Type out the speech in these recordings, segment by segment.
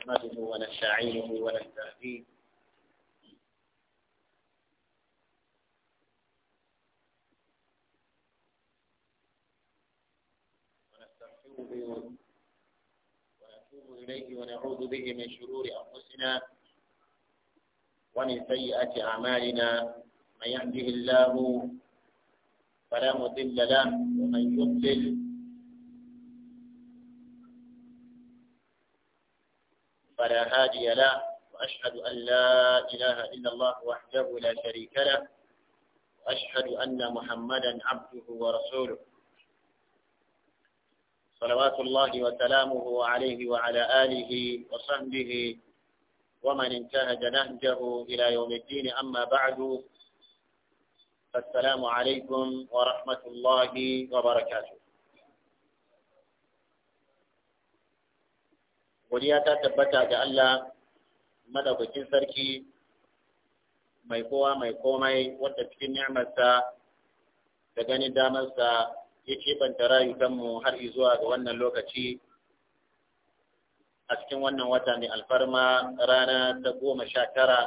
نحمده ونستعينه ونستهديه ونستغفره ونتوب إليه ونعوذ به من شرور أنفسنا ومن سيئات أعمالنا من يهده الله فلا مضل له ومن يضلل فلا هادي له وأشهد أن لا إله إلا الله وحده لا شريك له وأشهد أن محمدا عبده ورسوله صلوات الله وسلامه عليه وعلى آله وصحبه ومن انتهج نهجه إلى يوم الدين أما بعد فالسلام عليكم ورحمة الله وبركاته godiya ta tabbata ga Allah madaukakin sarki mai kowa mai komai wanda cikin ni'amarsa da ganin damarsa ya keɓanta rayukanmu har zuwa ga wannan lokaci a cikin wannan wata mai alfarma rana ta goma sha tara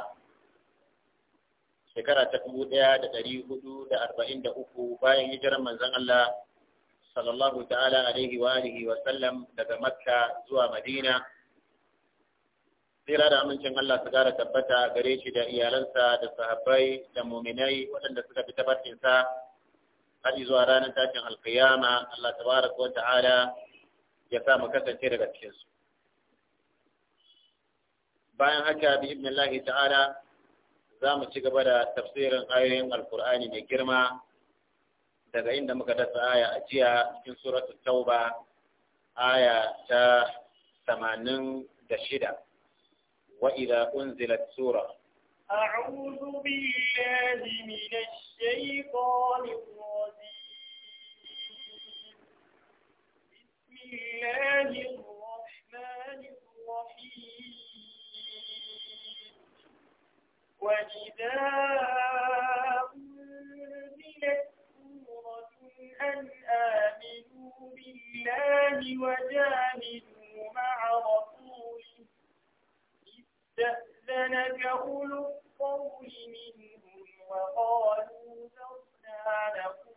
shekara ta dubu ɗaya da ɗari hudu da arba'in da uku bayan hijirar manzon Allah sallallahu ta'ala alaihi wa alihi wa sallam daga makka zuwa madina tsira da amincin Allah su gara tabbata gare shi da iyalansa da sahabbai da muminai waɗanda suka fi tabbatinsa har zuwa ranar tashin alkiyama Allah tabaraka wa ta'ala ya sa mu kasance daga cikinsu. bayan haka bi ibnillahi ta'ala za mu ci gaba da tafsirin ayoyin alkur'ani mai girma daga inda muka dasa aya a jiya cikin suratul tauba aya ta tamanin da shida. وإذا أنزلت سورة أعوذ بالله من الشيطان الرجيم بسم الله الرحمن الرحيم وإذا أنزلت سورة أن آمنوا بالله وجاهدوا أولو الطول منهم وقالوا ذرنا لكم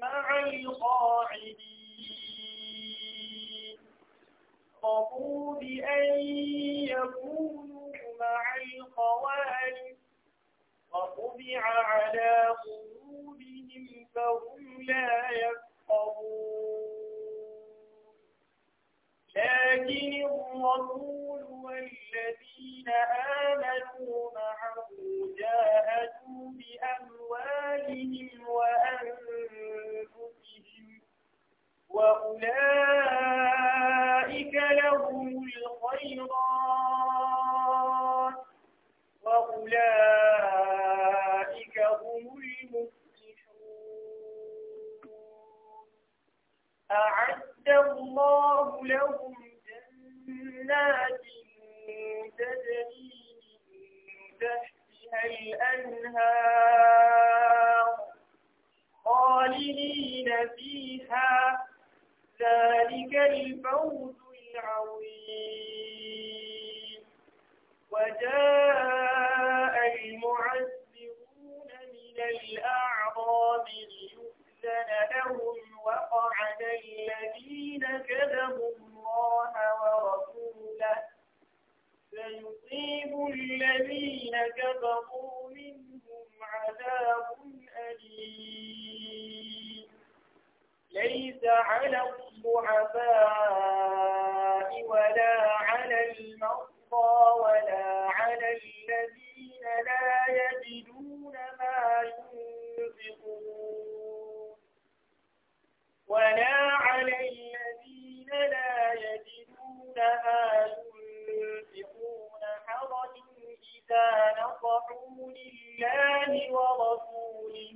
مع القاعدين رضوا بأن يكونوا مع القوارب وطبع على قلوبهم فهم لا يفقهون لكن الرسول والذين آمنوا معه جاهدوا بأموالهم وأنفسهم وأولئك لهم الخيرات وأولئك هم المفلحون أعد الله لهم جنات تجري من تحتها الأنهار خالدين فيها ذلك الفوز العظيم وجاء المعذبون من الأعراب ليؤذن لهم وقعد الذين كذبوا الله ورسوله سيصيب الذين كفروا منهم عذاب أليم ليس على الضعفاء ولا على المرضى ولا على الذين لا يجدون ما ينفقون ولا على الذين لا يجدون ما ينفقون حرج إذا نصحوا لله ورسوله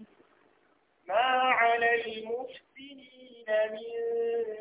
ما على المحسنين من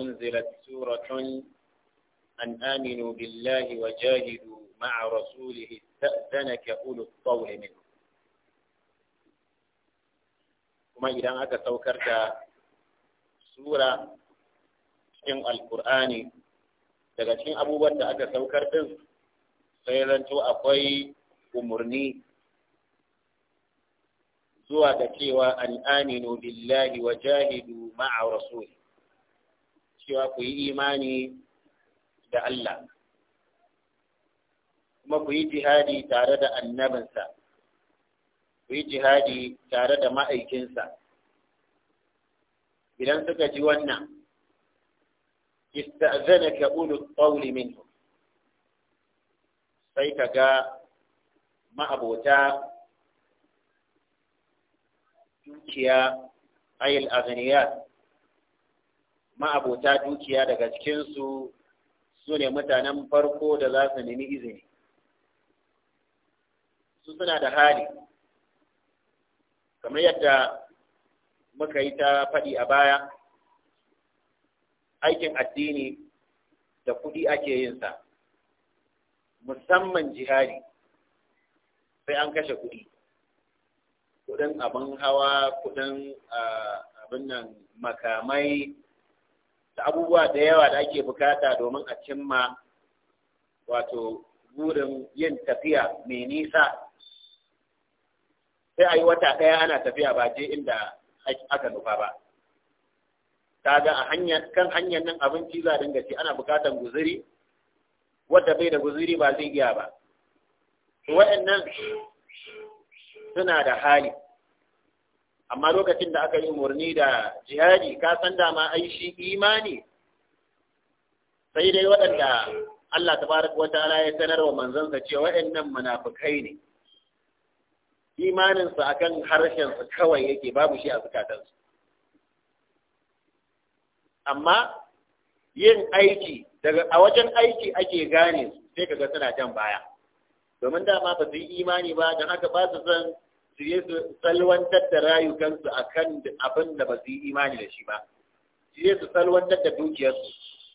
أنزلت سورة أن آمنوا بالله وجاهدوا مع رسوله استأذنك أولو الطول منه kuma idan aka saukar da sura cikin alkur'ani daga cikin abubuwan da aka saukar din sai zanto akwai umarni zuwa ga cewa an aminu billahi wa jahidu ma'a rasuli cewa ku yi imani da Allah kuma ku yi jihadi tare da annabinsa ku yi jihadi tare da ma'aikinsa idan suka ji wannan ka ulu tsauli minhum sai ka ga ma'abota dukiya ayil azniya ma'abota dukiya daga cikinsu su ne mutanen farko da za su nemi izini su suna da hali kamar yadda muka yi ta faɗi a baya aikin addini da kuɗi ake yinsa musamman jihadi sai an kashe kuɗi kuɗin abin hawa kuɗin ah, abin nan makamai da abubuwa da yawa da ake bukata domin a cimma wato burin yin tafiya mai nisa sai a yi wata ɗaya ana tafiya ba je inda aka nufa ba kaga a hanyar kan hanyar nan abinci za dinga ce, ana bukatar guziri wadda bai da guziri ba zai iya ba waɗannan suna da hali amma lokacin da aka yi umarni da jihadi ka san dama ai shi imani sai dai waɗanda Allah tabaraka wa ta'ala ya sanarwa manzansa cewa waɗannan munafukai ne imaninsu akan harshen su kawai yake babu shi a su amma yin aiki daga a wajen aiki ake gane su sai kaga suna jan baya domin dama ba su yi imani ba don haka ba su san su yi su salwantar da rayukansu a kan abin da ba su yi imani da shi ba su yi su salwantar da dukiyarsu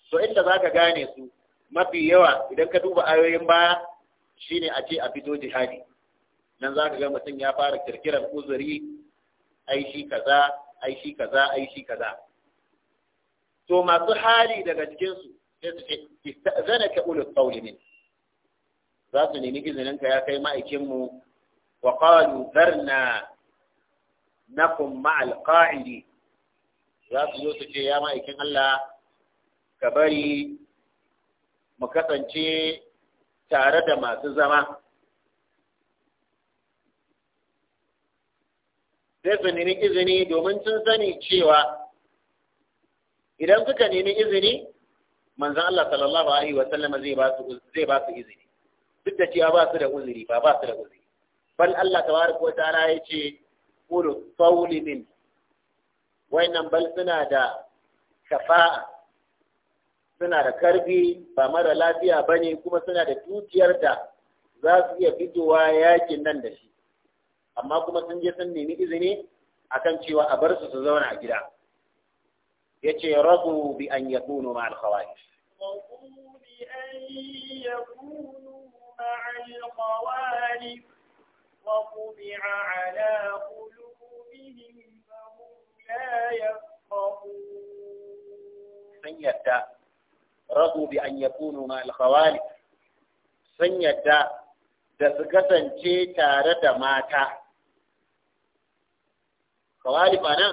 to inda za ka gane su mafi yawa idan ka duba ayoyin baya shine a ce a fito jihadi nan za ka ga mutum ya fara kirkirar uzuri ai shi kaza ai shi kaza ai shi kaza to masu hali daga cikinsu sai su ce istazanaka ulul qawli min za su nemi izininka ya kai ma'aikin mu وقالوا ذرنا نكن مع القاعد za su zo su ce ya ma'aikin Allah ka bari mu kasance tare da masu zama sai su nemi izini domin sun sani cewa idan suka nemi izini manzan Allah sallallahu Alaihi wasallama zai ba su izini duk da cewa ba su da uzuri ba ba su da uzuri bal Allah tabaraka wa ta'ala yace qul qawli min wayannan bal suna da shafa'a suna da karfi ba mara lafiya bane kuma suna da dukiyar da za su iya fitowa yakin nan da shi amma kuma sun je sun nemi izini akan cewa a bar su su zauna a gida yace radu bi an yakunu ma'al al-khawarij bi an yakunu ma'al الخوارج فطبع على قلوبهم فهم لا يفقهون sun yadda rabu bi an yakunu ma alkhawali sun yadda da su kasance tare da mata kawali ba nan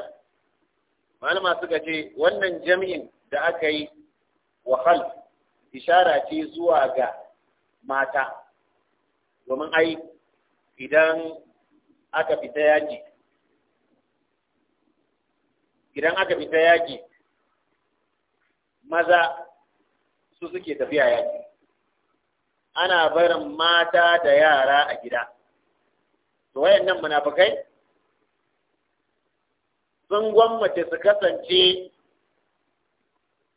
malama suka ce wannan jami'in da aka yi wahal ishara ce zuwa ga mata domin ai idan aka fita yaƙi idan aka fita yaƙi maza su suke tafiya yaƙi ana barin mata da yara a gida to wayannan munafukai sun gwammace su kasance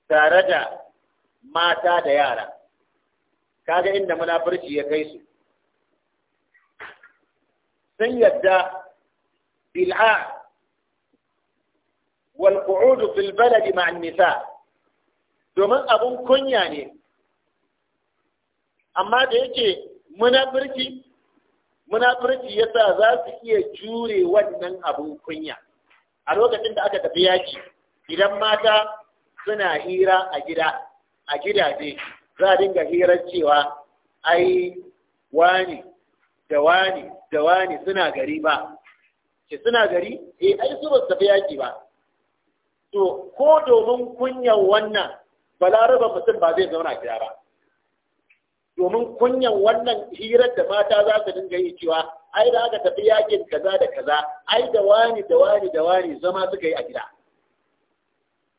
tare da mata da yara kaga inda munafurci ya kai su sun yadda bil'a wal qu'udu fil baladi ma'an nisa domin abun kunya ne amma da yake munafurci yasa za su iya jure wannan abun kunya a lokacin da aka tafi yaki idan mata suna hira a gida a gidaje za a dinga hirar cewa ai wani da wani da wani suna gari ba ke suna gari eh ai su ba su tafi yaki ba to ko domin kunyan wannan balaraba mutum ba zai zauna gida ba domin kunyan wannan hirar da mata za su dinga yi cewa ai da aka tafi yakin kaza da kaza ai da wani da wani da wani zama suka yi a gida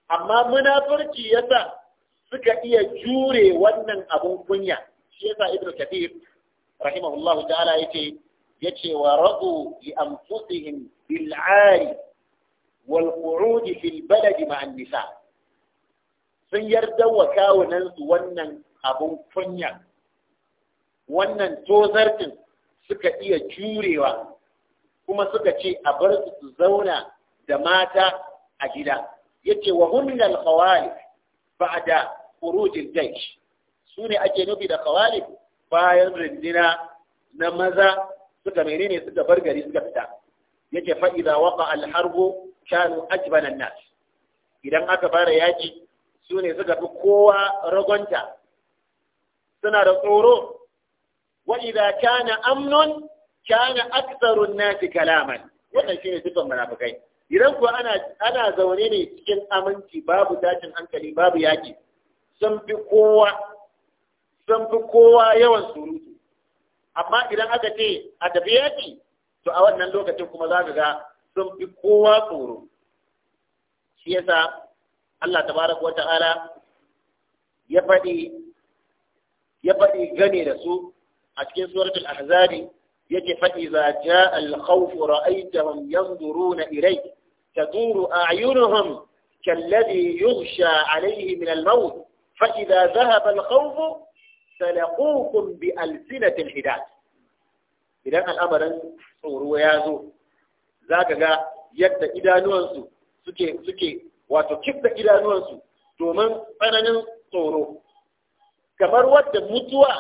amma munafurci yasa suka iya jure wannan abun kunya shi yasa ibnu kathir rahimahullahu ta'ala yace yace wa radu li anfusihim bil 'ari wal qu'ud fil balad ma'a nisa sun yarda wa kawunan su wannan abun kunya wannan tozartin suka iya jurewa kuma suka ce a bar su su zauna da mata a gida yace wa hunnal khawalif ba'da khurujil jaysh sune ake nufi da khawalif bayan rindina na maza suka menene suka bar gari suka fita yake al waka kanu shanu ajbanan nas idan aka fara yaki su ne suka fi kowa ragonta suna da tsoro wa idza kana amnun kana aktharun nas kalaman wannan shine sifan munafikai idan kuwa ana ana zaune ne cikin aminci babu tashin hankali babu yaki sun fi kowa don fi kowa yawan surutu amma idan aka ce a tafi yaƙi to a wannan lokacin kuma za ka ga sun fi kowa tsoro shi yasa Allah tabaraka wa ta'ala ya faɗi ya faɗi gane da su a cikin suratul ahzabi yake faɗi za ja al-khawf ra'aytahum yanzuruna ilay تدور أعينهم كالذي يغشى عليه من الموت فإذا ذهب الخوف salaqukum bi alsinatil hidat idan al'amarin tsoro ya zo zaka ga yadda idanuwansu suke wato kifta idanuwansu domin tsananin tsoro kamar wadda mutuwa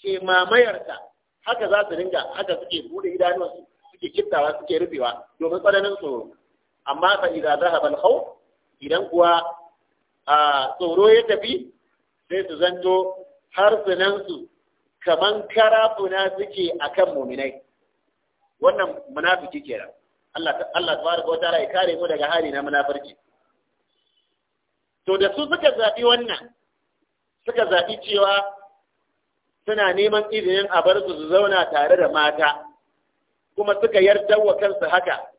ke mamayarta haka za su ringa haka suke bude idanuwansu suke kiftawa suke rufewa domin tsananin tsoro amma fa idza zahaba idan kuwa a ya tafi sai su zanto harsunansu kaman karafuna suke akan muminai wannan munafiki kenan Allah Allah tabaraka wa ta'ala ya kare mu daga hali na munafurci to da su suka zabi wannan suka zabi cewa suna neman izinin a bar su su zauna tare da mata kuma suka yarda wa kansu haka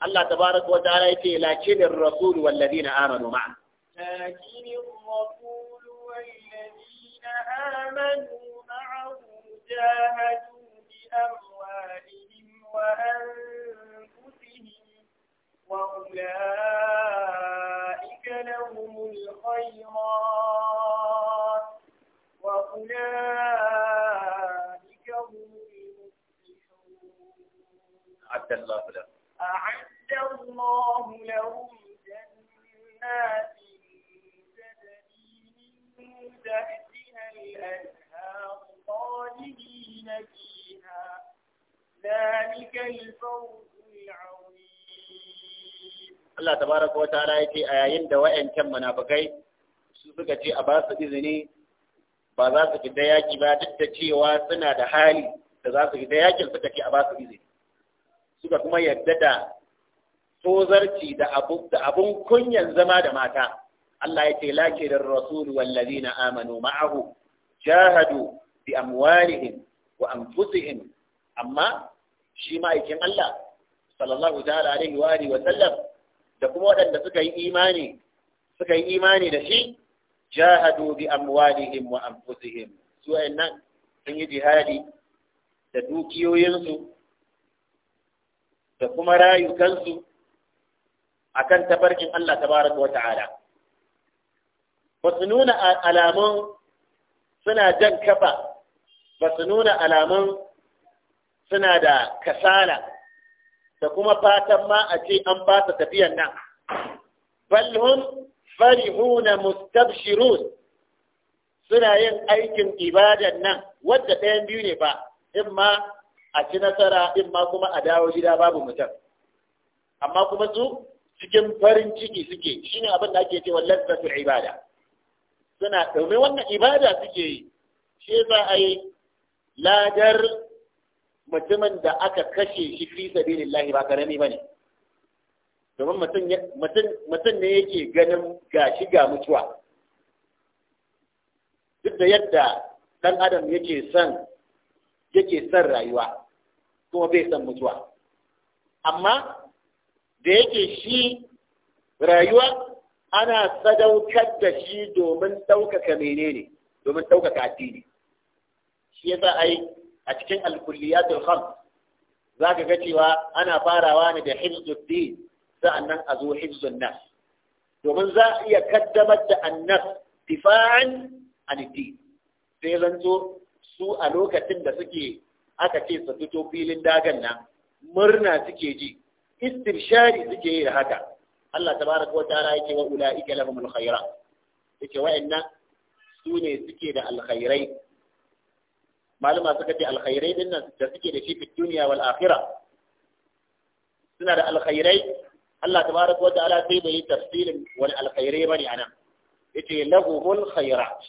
Allah tabaraka wa ta'ala yace lakinir rasul wal ladina amanu ma'a lakinir rasul wal ladina الذين آمنوا معه بأموالهم وأنفسهم وأولئك لهم الخيرات وأولئك هم المفلحون أعد الله لهم أعد الله لهم جنات تجري من الأنهار خالدين فيها ذلك الفوز العظيم الله تبارك وتعالى يتي آيين دوائن كم منافقين suka ce a ba su izini ba za su fita yaki ba duk da cewa suna da hali da za su fita yakin suka ce a ba su izini suka kuma yadda da tozarci da abun kunyan zama da mata Allah ya ce lakirin rasulu wallazina amanu ma'ahu jahadu bi amwalihim wa anfusihim amma shi ma'aikin Allah sallallahu ta'ala alaihi wa alihi wa sallam da kuma waɗanda suka yi imani suka yi imani da shi jahadu bi amwalihim wa anfusihim su wayannan sun yi jihadi da dukiyoyinsu da kuma rayukansu akan tabarkin Allah tabaraka wa ta'ala ba su nuna alamun suna jan kafa ba su nuna alamun suna da kasala da kuma fatan ma a ce an ba su tafiyan nan balhun farihuna mustabshirun suna yin aikin ibadan nan wadda ɗayan biyu ne ba in ma a ci nasara in ma kuma a dawo gida babu mutum amma kuma su cikin farin ciki suke shine abin da ake cewa lantarki ibada suna ɗaume wannan ibada suke yi shi za a yi ladar mutumin da aka kashe shi fi lillahi ba karami ba ne domin mutum ne yake ganin gashi ga mutuwa duk da yadda ɗan adam yake son yake son rayuwa kuma bai son mutuwa amma da yake shi rayuwa ana sadaukar da shi domin ɗaukaka menene domin ɗaukaka addini shi yasa ai a cikin alkulliyatul ham za ka ga cewa ana farawa ne da hifzuddin sa'annan a zo hifzun nas domin za a iya kaddamar da annas difa'an anidi sai zanto su a lokacin da suke aka ce su fito filin dagan nan murna suke ji istirshari suke yi da haka Allah tabaraka wa ta'ala yake wa ulaika lahumul khairat yake wa'annan su ne suke da alkhairai maluma suka ce alkhairai din nan da suke da shi fi duniya wal akhirah suna da alkhairai Allah tabaraka wa ta'ala sai bai tafsirin wani alkhairai bane anan yace lahumul khairat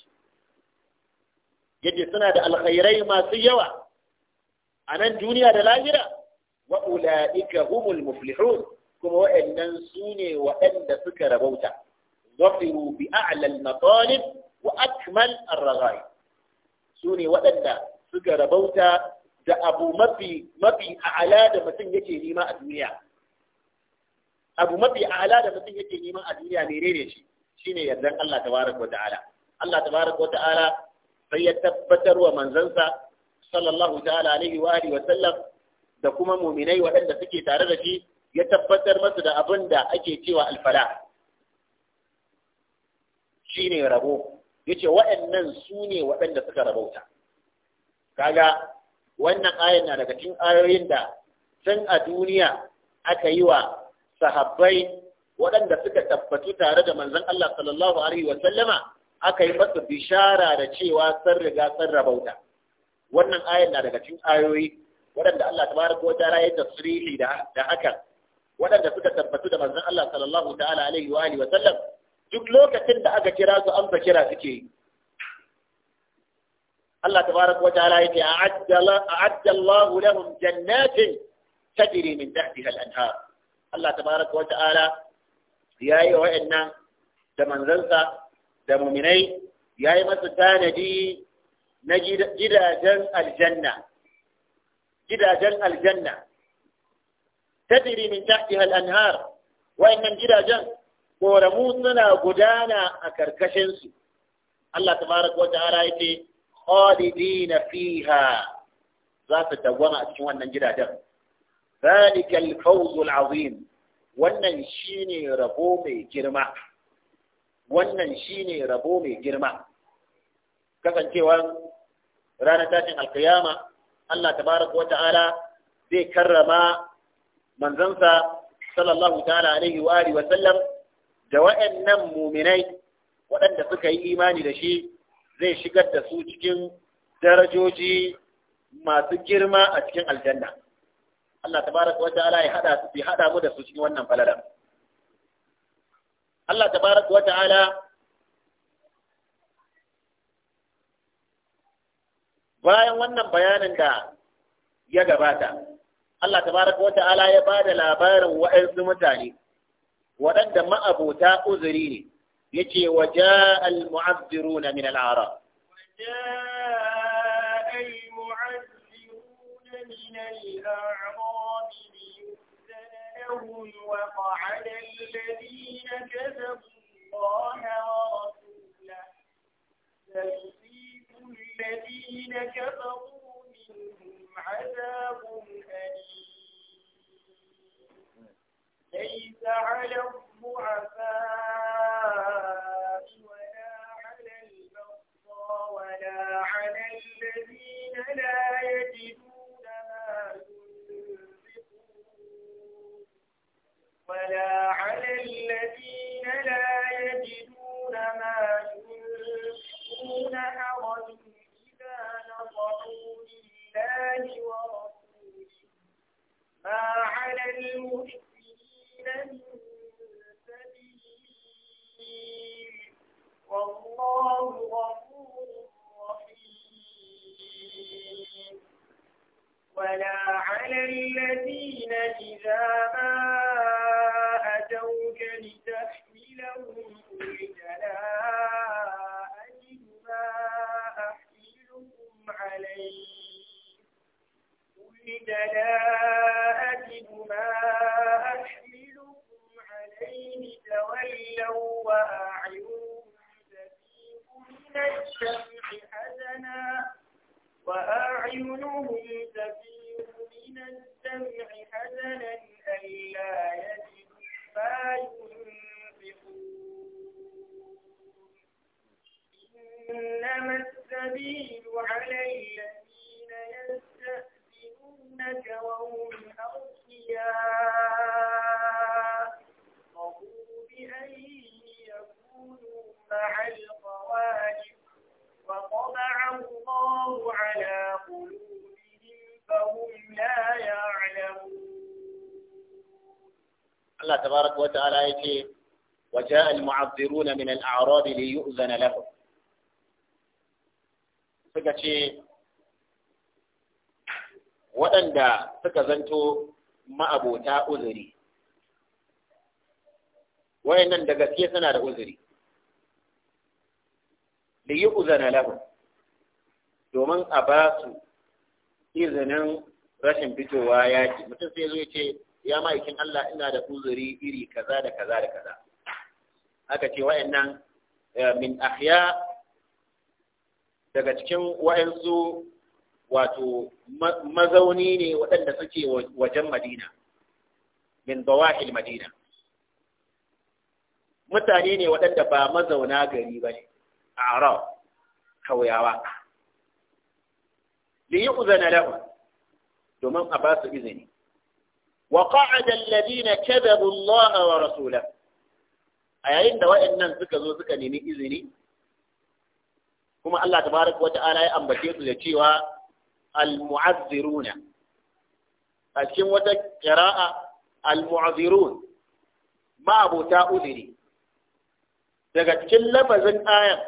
yace suna da alkhairai masu yawa a nan duniya da lahira wa ulaika humul muflihun kuma waɗannan su ne waɗanda suka rabauta zafiru bi a'lal matalib wa akmal ar-raghai su ne waɗanda suka rabauta da abu mafi mafi a'ala da mutum yake nema a duniya abu mafi a'ala da mutum yake nema a duniya menene shi Shi ne yardan Allah Ta tabaraka wa ta'ala Allah Ta tabaraka wa ta'ala sai ya tabbatar wa manzansa sallallahu ta'ala alaihi wa alihi wa sallam da kuma muminai waɗanda suke tare da shi ya tabbatar masa da abin da ake cewa alfala shi ne rabo ya ce waɗannan su ne waɗanda suka rabauta kaga wannan ayan na daga cikin ayoyin da tun a duniya aka yi wa sahabbai waɗanda suka tabbatu tare da manzon Allah sallallahu alaihi Wasallama aka yi masa bishara da cewa sun riga sun rabauta wannan ayan na daga cikin ayoyi waɗanda Allah ta wa wata ya tasrihi da da hakan waɗanda suka tabbatu da manzon Allah sallallahu ta'ala alaihi wa alihi wa sallam duk lokacin da aka kira su amsa kira suke Allah tabaraka wa ta'ala yace a'adda Allah lahum jannatin tajri min tahtiha al-anhar Allah tabaraka wa ta'ala yayi wa'annan da manzansa da muminai yayi masa tanadi na gidajen aljanna gidajen aljanna tajri min tahtiha al-anhar wa'annan gidajen koramu suna gudana a karkashin su Allah tabaraka wa ta'ala yace khalidina fiha za su dawwama a cikin wannan gidajen ذلك الفوز العظيم wannan shine rabo girma wannan shine rabo mai girma kasancewar ranar tashin alkiyama Allah tabaraka wa ta'ala zai karrama manzansa sallallahu ta'ala alaihi wa alihi wa sallam da waɗannan muminai waɗanda suka yi imani da shi zai shigar da su cikin darajoji masu girma a cikin aljanna Allah tabaraka wa ta'ala ya hada su bi hada mu da su cikin wannan falala Allah tabaraka wa ta'ala bayan wannan bayanin da ya gabata Allah tabaraka wa ta'ala ya bada da labarin wa'ansu mutane waɗanda ma'abota uzuri ne yace wa al mu'azziruna min al-arab وقعد الذين كذبوا الله ورسوله سيصيب الذين كفروا منهم عذاب أليم ليس على الضعفاء ولا على المرضى ولا على الذين لا يجدون ما ينفقون ولا على الذين لا يجدون ما ينفقون الله ورسوله ما على من سبيل والله غفور رحيم ولا على الذين إذا ما لا أجد ما أحملكم عليه تولوا وأعينهم تفيض من الشمع حزنا وأعينهم تفيض من الدمع حزنا ألا يجدوا ما ينفقون إنما السبيل عليه دونك وهم أغنياء رضوا بأن يكونوا مع الخوالف فطبع الله على قلوبهم فهم لا يعلمون الله تبارك وتعالى يتي وجاء المعذرون من الأعراب ليؤذن لهم suka waɗanda suka zanto ma'abota uzuri wayannan da gaske suna da uzuri da yi uzana lahu domin a ba su izinin rashin fitowa ya ce, mutum sai zai ce ya ma'aikin Allah ina da uzuri iri kaza da kaza da kaza aka ce wayannan eh, min ahya daga cikin wayansu wato mazauni ne waɗanda suke wajen madina min zawahil madina mutane ne waɗanda ba mazauna gari ba ne a arab kauyawa li yi uzana lahu domin a ba su izini wa qa'ada alladhina kadhabu Allah wa rasulahu a yayin da waɗannan suka zo suka nemi izini kuma Allah tabaraka wa ta'ala ya ambace su da cewa al-mu'azziruna a cikin wata qira'a al-mu'azzirun ma uzuri daga cikin lafazin ayan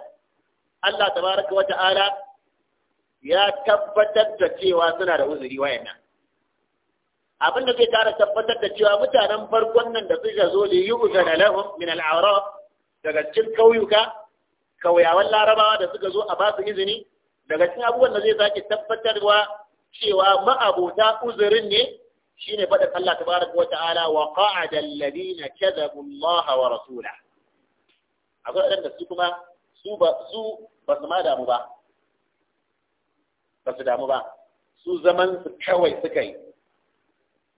Allah tabaraka wa ta'ala ya tabbatar da cewa suna da uzuri wayannan abin da zai kara tabbatar da cewa mutanen farkon nan da suka zo da yi uzana lahum min daga cikin kauyuka kauyawan larabawa da suka zo a ba su izini daga cikin abubuwan da zai sake tabbatarwa cewa ma'abota uzurin ne shine faɗin Allah tabaraka wa ta'ala wa qa'ada alladhina kadhabu Allah wa rasulah akwai wanda su kuma su ba su ba su ma damu ba ba su damu ba su zaman su kawai suka yi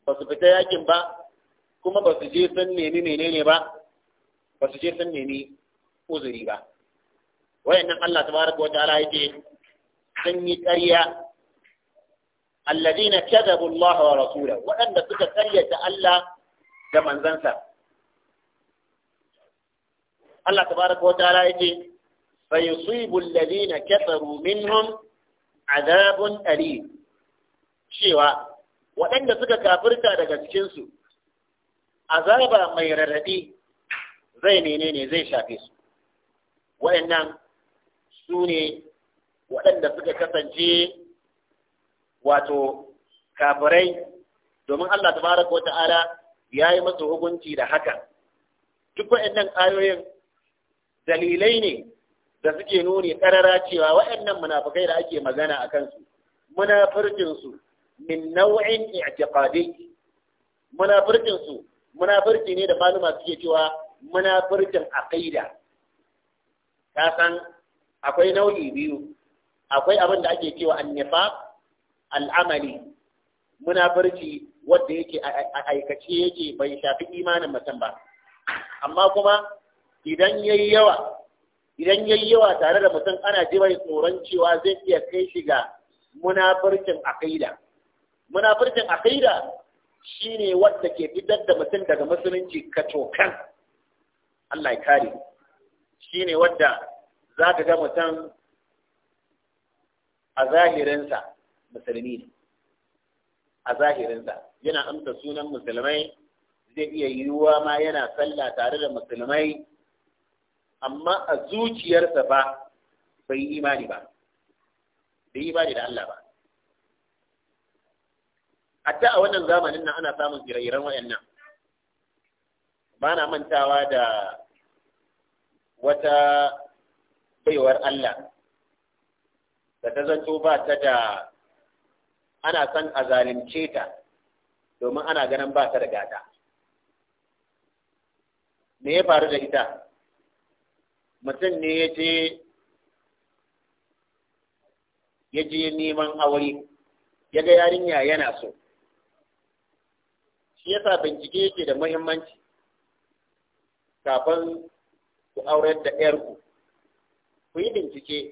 ba su fita yakin ba kuma ba su je sun nemi menene ba ba su je sun nemi uzuri ba wayannan Allah tabaraka wa ta'ala yake sun yi ƙarya alladina kadabu Allah wa rasula waɗanda suka karyata Allah da manzansa Allah tabaraka wa ta'ala yace fa yusibu alladina kafaru minhum adabun alim cewa waɗanda suka kafirta daga cikin su azaba mai rarraɗi zai menene zai shafe su waɗannan su ne waɗanda suka kasance wato kafirai domin Allah Ta fara ko ta'ala ya yi masu hukunci da haka duk waɗannan ayoyin dalilai ne da suke nuni ƙarara cewa waɗannan munafukai da ake magana a kansu munafurcinsu min nau'in i'tiqadi munafurcinsu munafurci ne da maluma suke cewa munafurcin aqida ta san akwai nau'i biyu akwai abin da ake cewa annifaq al'amali munafurci wanda yake a aikace yake bai shafi imanin mutum ba amma kuma idan yayi yawa idan yayi yawa tare da mutum ana ji mai tsoron cewa zai iya kai shi ga Munafircin aqida munafircin aqida shine wanda ke fitar da mutum daga musulunci ka tokan Allah ya kare shine wadda za ka ga mutum a zahirinsa musulmi ne a zahirinsa yana amsa sunan musulmai zai iya yiwuwa ma yana sallah tare da musulmai amma a zuciyarsa ba bai yi imani ba bai yi imani da Allah ba hatta a wannan zamanin nan ana samun ire waɗannan. wayannan ba na mantawa da wata baiwar Allah da ta zato ba ta da ana san a zalunce ta domin ana ganin ba ta da gata me ya faru da ita mutum ne ya je ya je neman aure ya ga yarinya yana so shi ya sa bincike yake da muhimmanci kafin ku aurar da 'yarku ku yi bincike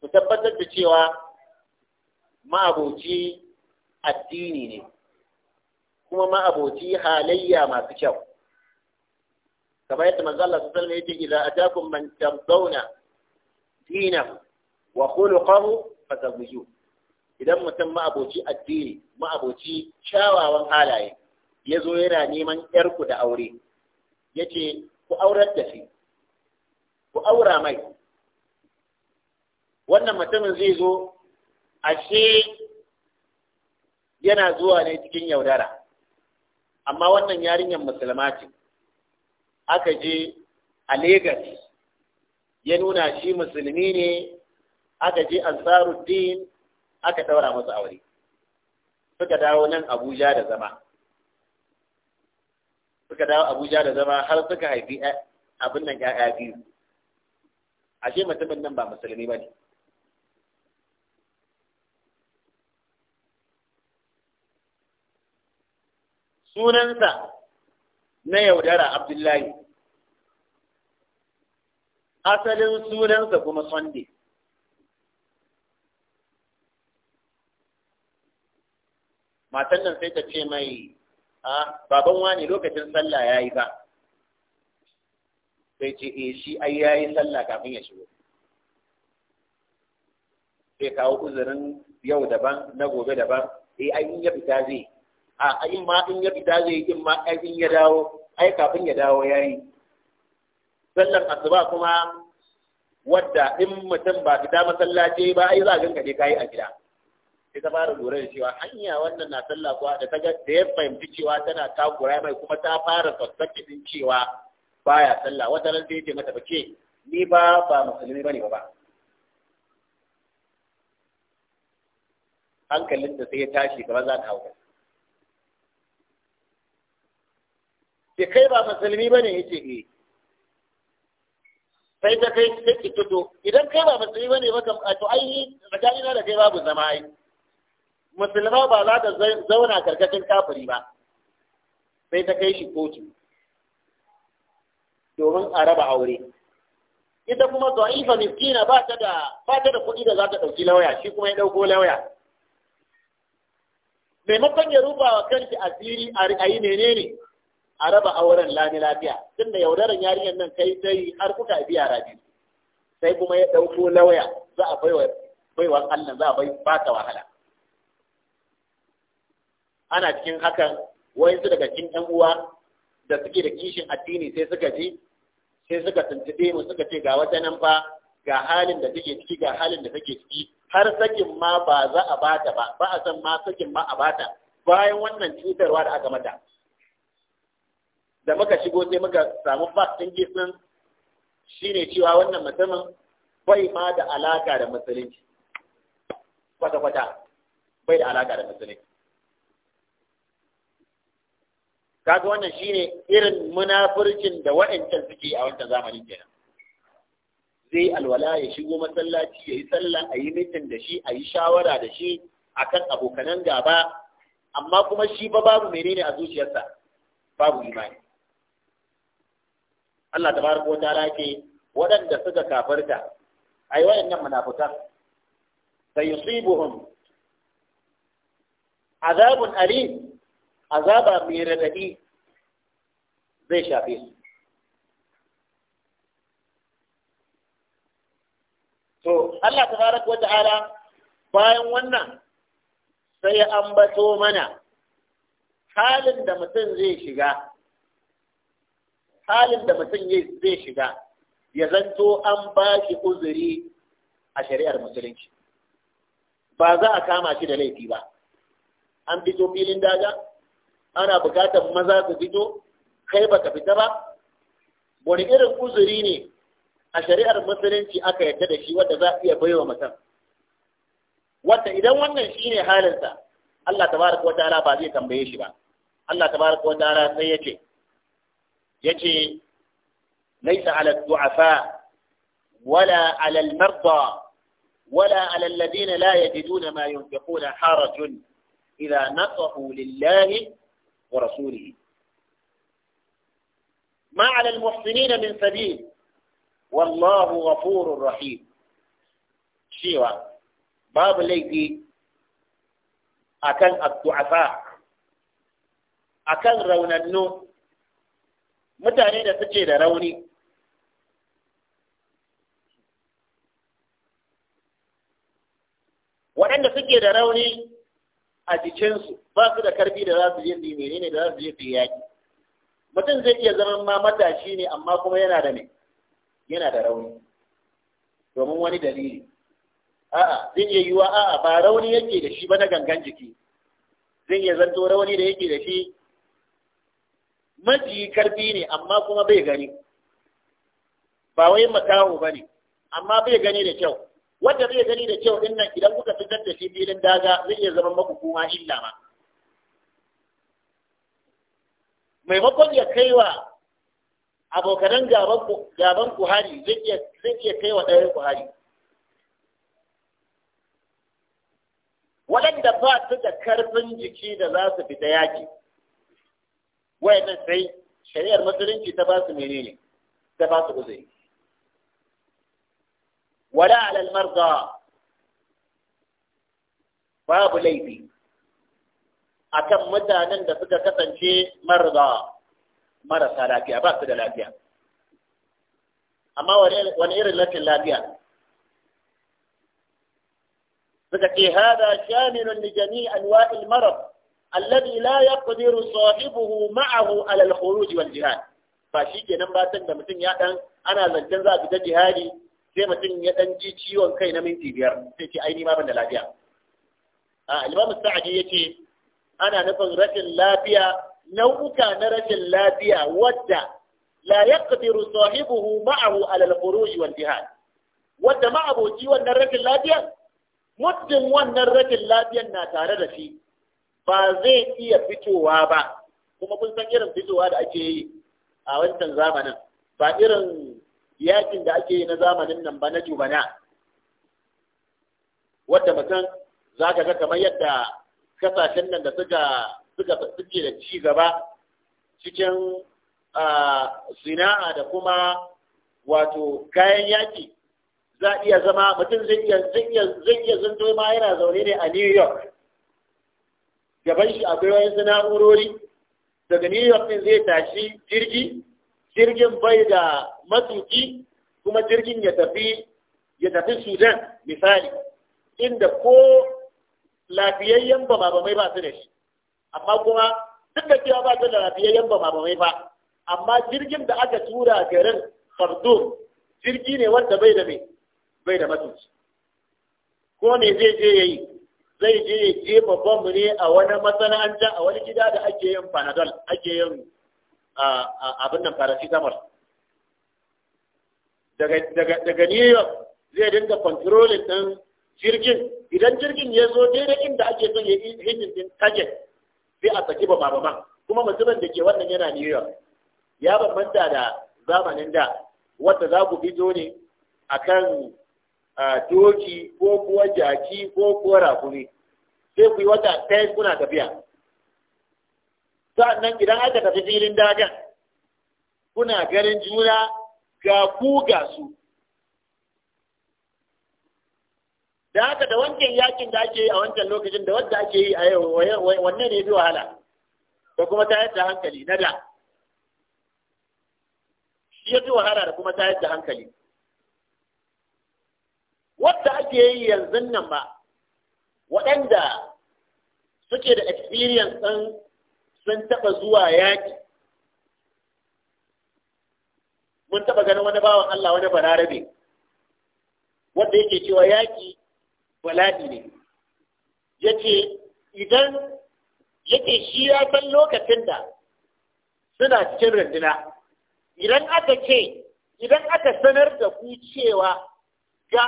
ku tabbatar da cewa ma'aboci addini ne kuma ma'aboci halayya masu kyau kamar yadda manzo Allah sallallahu alaihi wasallam yake idza atakum man tardawna wa khuluquhu fatazawwiju idan mutum ma'aboci addini ma'aboci kyawawan halaye ya zo yana neman ‘yarku da aure, yace Ku aurar da shi, ku aura mai, wannan mutumin zai zo ashe yana zuwa ne cikin yaudara amma wannan yarinyar musulma ce aka je a Legas ya nuna shi musulmi ne aka je ansaruddin aka daura masa aure suka dawo nan abuja da zama suka dawo abuja da zama har suka haifi eh, abin nan ya'ya biyu ashe mutumin nan ba musulmi ba ne sunansa na yaudara abdullahi asalin sunansa kuma sunday matan nan sai ta ce mai a ah, baban wani lokacin sallah ya yi ba sai ce e shi ai ya yi sallah kafin ya shigo sai kawo uzurin yau daban na gobe daban e ai in ya fita zai a in ma in ya fita zai yi ma in ya dawo ai kafin ya dawo ya yi sallan asuba kuma wadda in mutum ba fita masallaci ba ai za a ganka ne kayi a gida sai ta fara lura da cewa hanya wannan na sallah kuwa da ta da ya fahimci cewa tana takura mai kuma ta fara sosai din cewa baya sallah wata ran sai ce mata bace ni ba ba musulmi bane ba hankalin da sai ya tashi kamar za ta hauka ke kai ba musulmi ba ne yace eh sai ta kai ta fito idan kai ba musulmi ba ne ba kam to ai tsakanina da kai babu zama ai musulma ba za ta zauna karkashin kafiri ba sai ta kai shi kotu domin a raba aure ita kuma za'ifa miskina ba ta da ba ta da kuɗi da za ta ɗauki lauya shi kuma ya ɗauko lauya maimakon ya rubawa wa kanshi asiri a yi menene a raba auren lami lafiya tunda yaudaran yarinyar nan kai ta har kuka biya rabi sai kuma ya ɗauko lauya za a baiwa baiwan Allah za a bai baka wahala ana cikin hakan su daga cikin ɗan uwa da suke da kishin addini sai suka ji sai suka tuntube mu suka ce ga wata nan ba ga halin da take ciki ga halin da take ciki har sakin ma ba za a bata ba ba a san ma sakin ma a bata bayan wannan cutarwa da aka mata da muka shigo sai muka samu fastin gisin ne cewa wannan mutumin bai ma da alaka da musulunci kwata-kwata bai da alaka da musulunci kaga wannan ne irin munafurcin da waɗancan suke a wancan zamanin kenan zai alwala ya shigo masallaci ya yi sallah a yi mitin da shi a yi shawara da shi a kan abokanan gaba amma kuma shi ba babu menene a zuciyarsa babu imani Allah ta wa ta rake waɗanda suka kafirta ai wayannan munafikan yusibuhum azabun alim azaba mai radadi zai shafe su to Allah ta tabaraka wa ta'ala bayan wannan sai ya ambato mana halin da mutum zai shiga halin da mutum zai shiga ya zanto an ba shi uzuri a shari'ar musulunci ba za a kama shi da laifi ba an fito filin daga ana bukatar maza su fito kai ba ka fita ba wani irin uzuri ne a shari'ar musulunci aka yadda da shi wadda za a iya baiwa mutum wata idan wannan shine halinsa Allah ta baraka wata ba zai tambaye shi ba Allah tabaraka wata ta'ala sai ya ce يجي ليس على الضعفاء ولا على المرضى ولا على الذين لا يجدون ما ينفقون حرج إذا نصحوا لله ورسوله ما على المحسنين من سبيل والله غفور رحيم شيوا باب ليدي أكن الضعفاء أكن رون النور mutane da suke da rauni waɗanda suke da rauni a jikinsu ba su da karfi da za su je su yi menene da za su je su yi yaƙi mutum zai iya zama ma matashi ne amma kuma yana da ne yana da rauni domin wani dalili a'a zai iya yiwa a'a ba rauni yake da shi ba na gangan jiki zai iya zanto rauni da yake da shi majiyi karfi ne amma kuma bai gani ba wai makaho ba ne amma bai gani da kyau wanda bai gani da kyau din nan idan kuka fitar da shi filin daga zai iya zama maku kuma illa ma maimakon ya kaiwa abokanan gaban ku hari zai iya kaiwa ɗayan ku hari waɗanda ba su da karfin jiki da za su fita yaki wayannan sai shari'ar musulunci ta ba su menene ta ba su uzuri wala alal marza babu laifi akan mutanen da suka kasance marza marasa lafiya ba su da lafiya amma wani irin rashin lafiya suka ce hada shaminun li jami'i anwa'il marad alladhi la yaqdiru sahibuhu ma'ahu ala al-khuruj wal jihad ba shikenan ba san da mutum ya dan ana zancen za a fita jihadi sai mutum ya dan ji ciwon kai na minti biyar sai ce ai ni ma ban da lafiya a al-imam sa'di yace ana nufin rashin lafiya nau'uka na rashin lafiya wadda la yaqdiru sahibuhu ma'ahu ala al-khuruj wal jihad wadda ma'aboci wannan rashin lafiya muddin wannan rashin lafiyan na tare da shi ba zai iya fitowa ba kuma kun san irin fitowa da ake yi a wancan zamanin ba irin yakin da ake yi na zamanin nan ba na jubana wadda mutum za ka ga kamar yadda kasashen nan da suka suka suke da ci gaba cikin sina'a da kuma wato kayan yaki za iya zama mutum zai iya zai ma yana zaune ne a New York gaban shi akwai wayansu na'urori daga New York zai tashi jirgi jirgin bai da matuki kuma jirgin ya tafi ya tafi Sudan misali inda ko lafiyayyen ba mai ba su da shi amma kuma duk da cewa ba su da lafiyayyen ba mai ba amma jirgin da aka tura garin Khartoum jirgi ne wanda bai da mai bai da matuki ko me zai je yayi zai je ya jefa bom ne a wani masana'anta a wani gida da ake yin panadol ake yin abin nan paracetamol daga new york zai dinga controlling din jirgin idan jirgin ya zo daidai inda ake son ya yi hinyin din target sai a saki ba ba kuma mutumin da ke wannan yana new york ya bambanta da zamanin da wanda za ku fito ne akan a doki ko kuwa jaki ko kuwa rakumi sai ku yi wata ɗaya kuna tafiya sa'annan idan aka tafi filin dagan kuna ganin juna ga ku ga su da haka da wancan yakin da ake yi a wancan lokacin da wanda ake yi a yau wanne ne fi wahala da kuma tayar da hankali na da shi ya fi wahala da kuma tayar da hankali wadda ake yi yanzu nan ba waɗanda suke da experience ɗin sun taɓa zuwa yaƙi mun taɓa ganin wani bawan Allah wani bararabe wadda yake cewa yaƙi bala'i ne yake idan yake shi ya san lokacin da suna cikin runduna idan aka ce idan aka sanar da ku cewa ga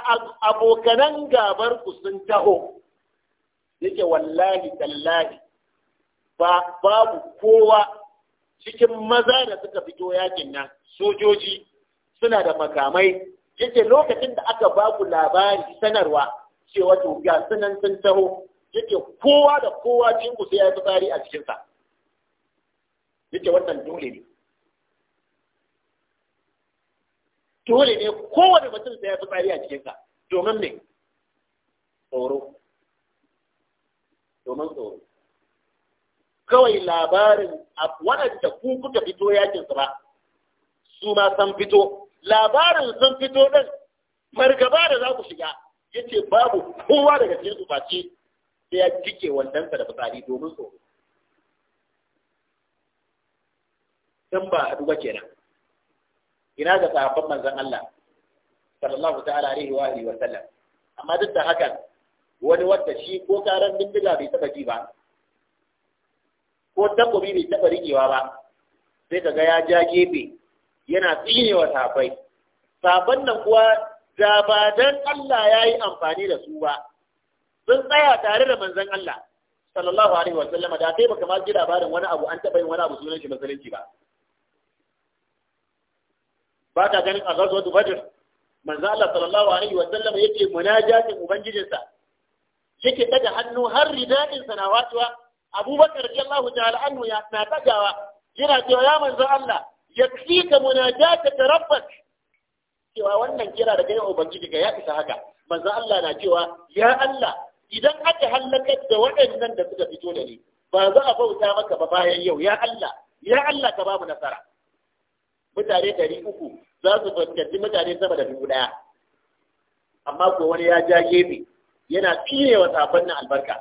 abokanan gabar ku sun taho yake wallahi tallahi ba babu kowa cikin maza da suka fito yakin nan sojoji suna da makamai yake lokacin da aka ku labari sanarwa cewa to ga sunan sun taho yake kowa da kowa cikin ku sai ya fitsari a cikinsa yake wannan dole ne dole ne kowane mutum sai ya fi tsari a cikinka domin me tsoro domin tsoro kawai labarin waɗanda ku kuka fito yakin su ba su ma san fito labarin sun fito ɗin fargaba da za ku shiga ya ce babu kowa daga cikin su face sai ya jike wandansa da fitsari domin tsoro dan ba a duba kenan ina ga sahabban manzon Allah sallallahu ta'ala alaihi wa alihi wa sallam amma duk da hakan wani wanda shi ko karan bindiga bai taba ji ba ko takobi bai taba rikewa ba sai kaga ya ja gefe yana tsinewa sahabbai sahabban nan kuwa da ba dan Allah ya yi amfani da su ba sun tsaya tare da manzon Allah sallallahu alaihi wa sallama da kai baka ma ji labarin wani abu an taba yin wani abu sunan shi musulunci ba ba ta ganin a gazuwar badr manzo Allah sallallahu alaihi wa sallam yake munajatin ubangijinsa yake daga hannu har ridadin sa na watuwa Abubakar radiyallahu ta'ala anhu ya na tagawa yana cewa ya manzo Allah yakfika munajataka rabbak cewa wannan kira da kai ubangiji ga ya isa haka manzo Allah na cewa ya Allah idan aka halakar da waɗannan da suka fito da ni ba za a bauta maka ba bayan yau ya Allah ya Allah ka ba mu nasara mutane ɗari uku za su fuskanci mutane sama da dubu ɗaya amma ko wani ya ja gefe yana tsine wa sabon nan albarka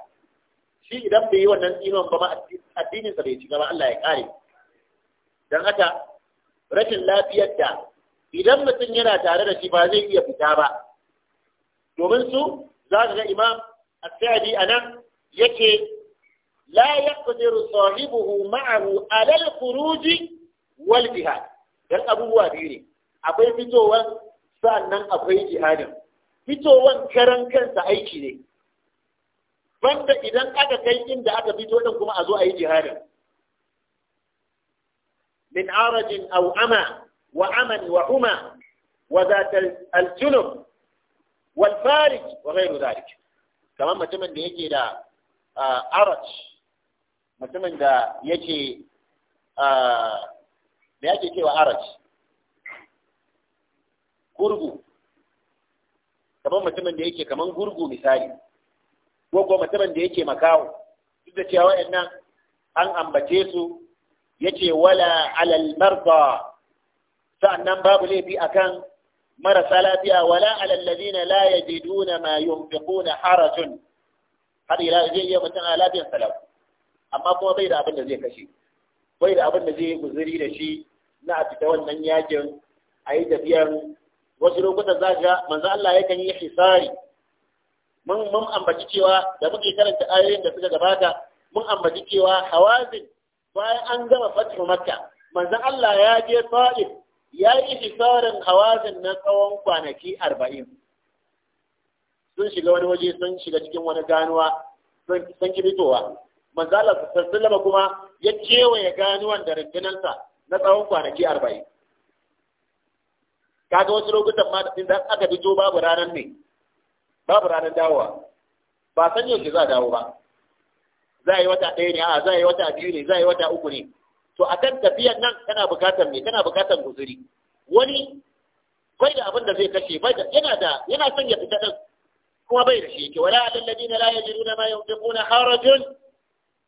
shi idan bai yi wannan tsinon ba ma addinin sa bai shiga ba Allah ya kare dan haka rashin lafiyar da idan mutum yana tare da shi ba zai iya fita ba domin su za ka ga imam as-sa'di anan yake la yaqdiru sahibuhu ma'ahu ala al wal jihad dan abubuwa biyu ne akwai fitowan sannan akwai jihadin fitowan karan kansa aiki ne banda idan aka kai inda aka fito din kuma a zo a yi jihadin min arajin Au ama wa aman wa huma wa zat wal farij wa ghayru dhalik kamar mutumin da yake da ah, araj mutumin da yake ah, me ake cewa haraj gurgu kamar mutumin da yake kamar gurgu misali ko kuma mutumin da yake makawo duk da cewa wayannan an ambace su yace wala alal marda sa'annan babu laifi akan marasa lafiya wala alal ladina la yajiduna ma yunfiquna harajun har ila zai iya mutum a lafiyar salam amma kuma bai da abin da zai kashe bai da abin da zai guzuri da shi na a fita wannan yakin a yi tafiyar wasu lokutan za ga manzo Allah yakan yi hisari mun mun ambaci cewa da muke karanta ayoyin da suka gabata mun ambaci cewa hawazin bayan an gama fatu makka manzo Allah ya je Sa'id ya yi hisarin hawazin na tsawon kwanaki arba'in sun shiga wani waje sun shiga cikin wani ganuwa sun kibitowa manzo Allah sallallahu kuma ya kewaye ganuwan da rundunarsa na tsawon kwanaki arba'in kaga wasu lokutan ma da idan aka fito babu ranar ne babu ranar dawowa ba san yau za a dawo ba za a yi wata ɗaya ne a za a yi wata biyu ne za a yi wata uku ne to a kan tafiyan nan kana bukatar me kana bukatar guzuri wani bai da abin da zai kashe bai da yana da yana son ya fita ɗan, kuma bai da shi yake wala alal ladina la yajiduna ma yunfiquna harajun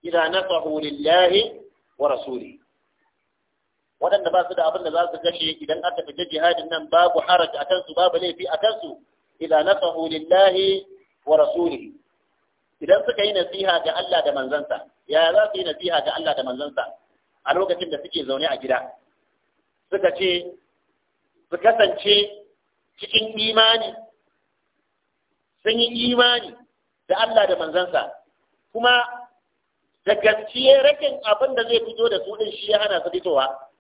idza nafahu lillahi wa rasulihi waɗanda ba su da abin da za su kashe idan aka fita jihadin nan babu haraj a kansu babu laifi a kansu idan nasahu lillahi wa rasulihi idan suka yi nasiha ga Allah da manzansa yaya za su yi nasiha ga Allah da manzansa a lokacin da suke zaune a gida suka ce su kasance cikin imani sun yi imani da Allah da manzansa kuma da gaskiye rakin abin da zai fito da su din shi ya hana su fitowa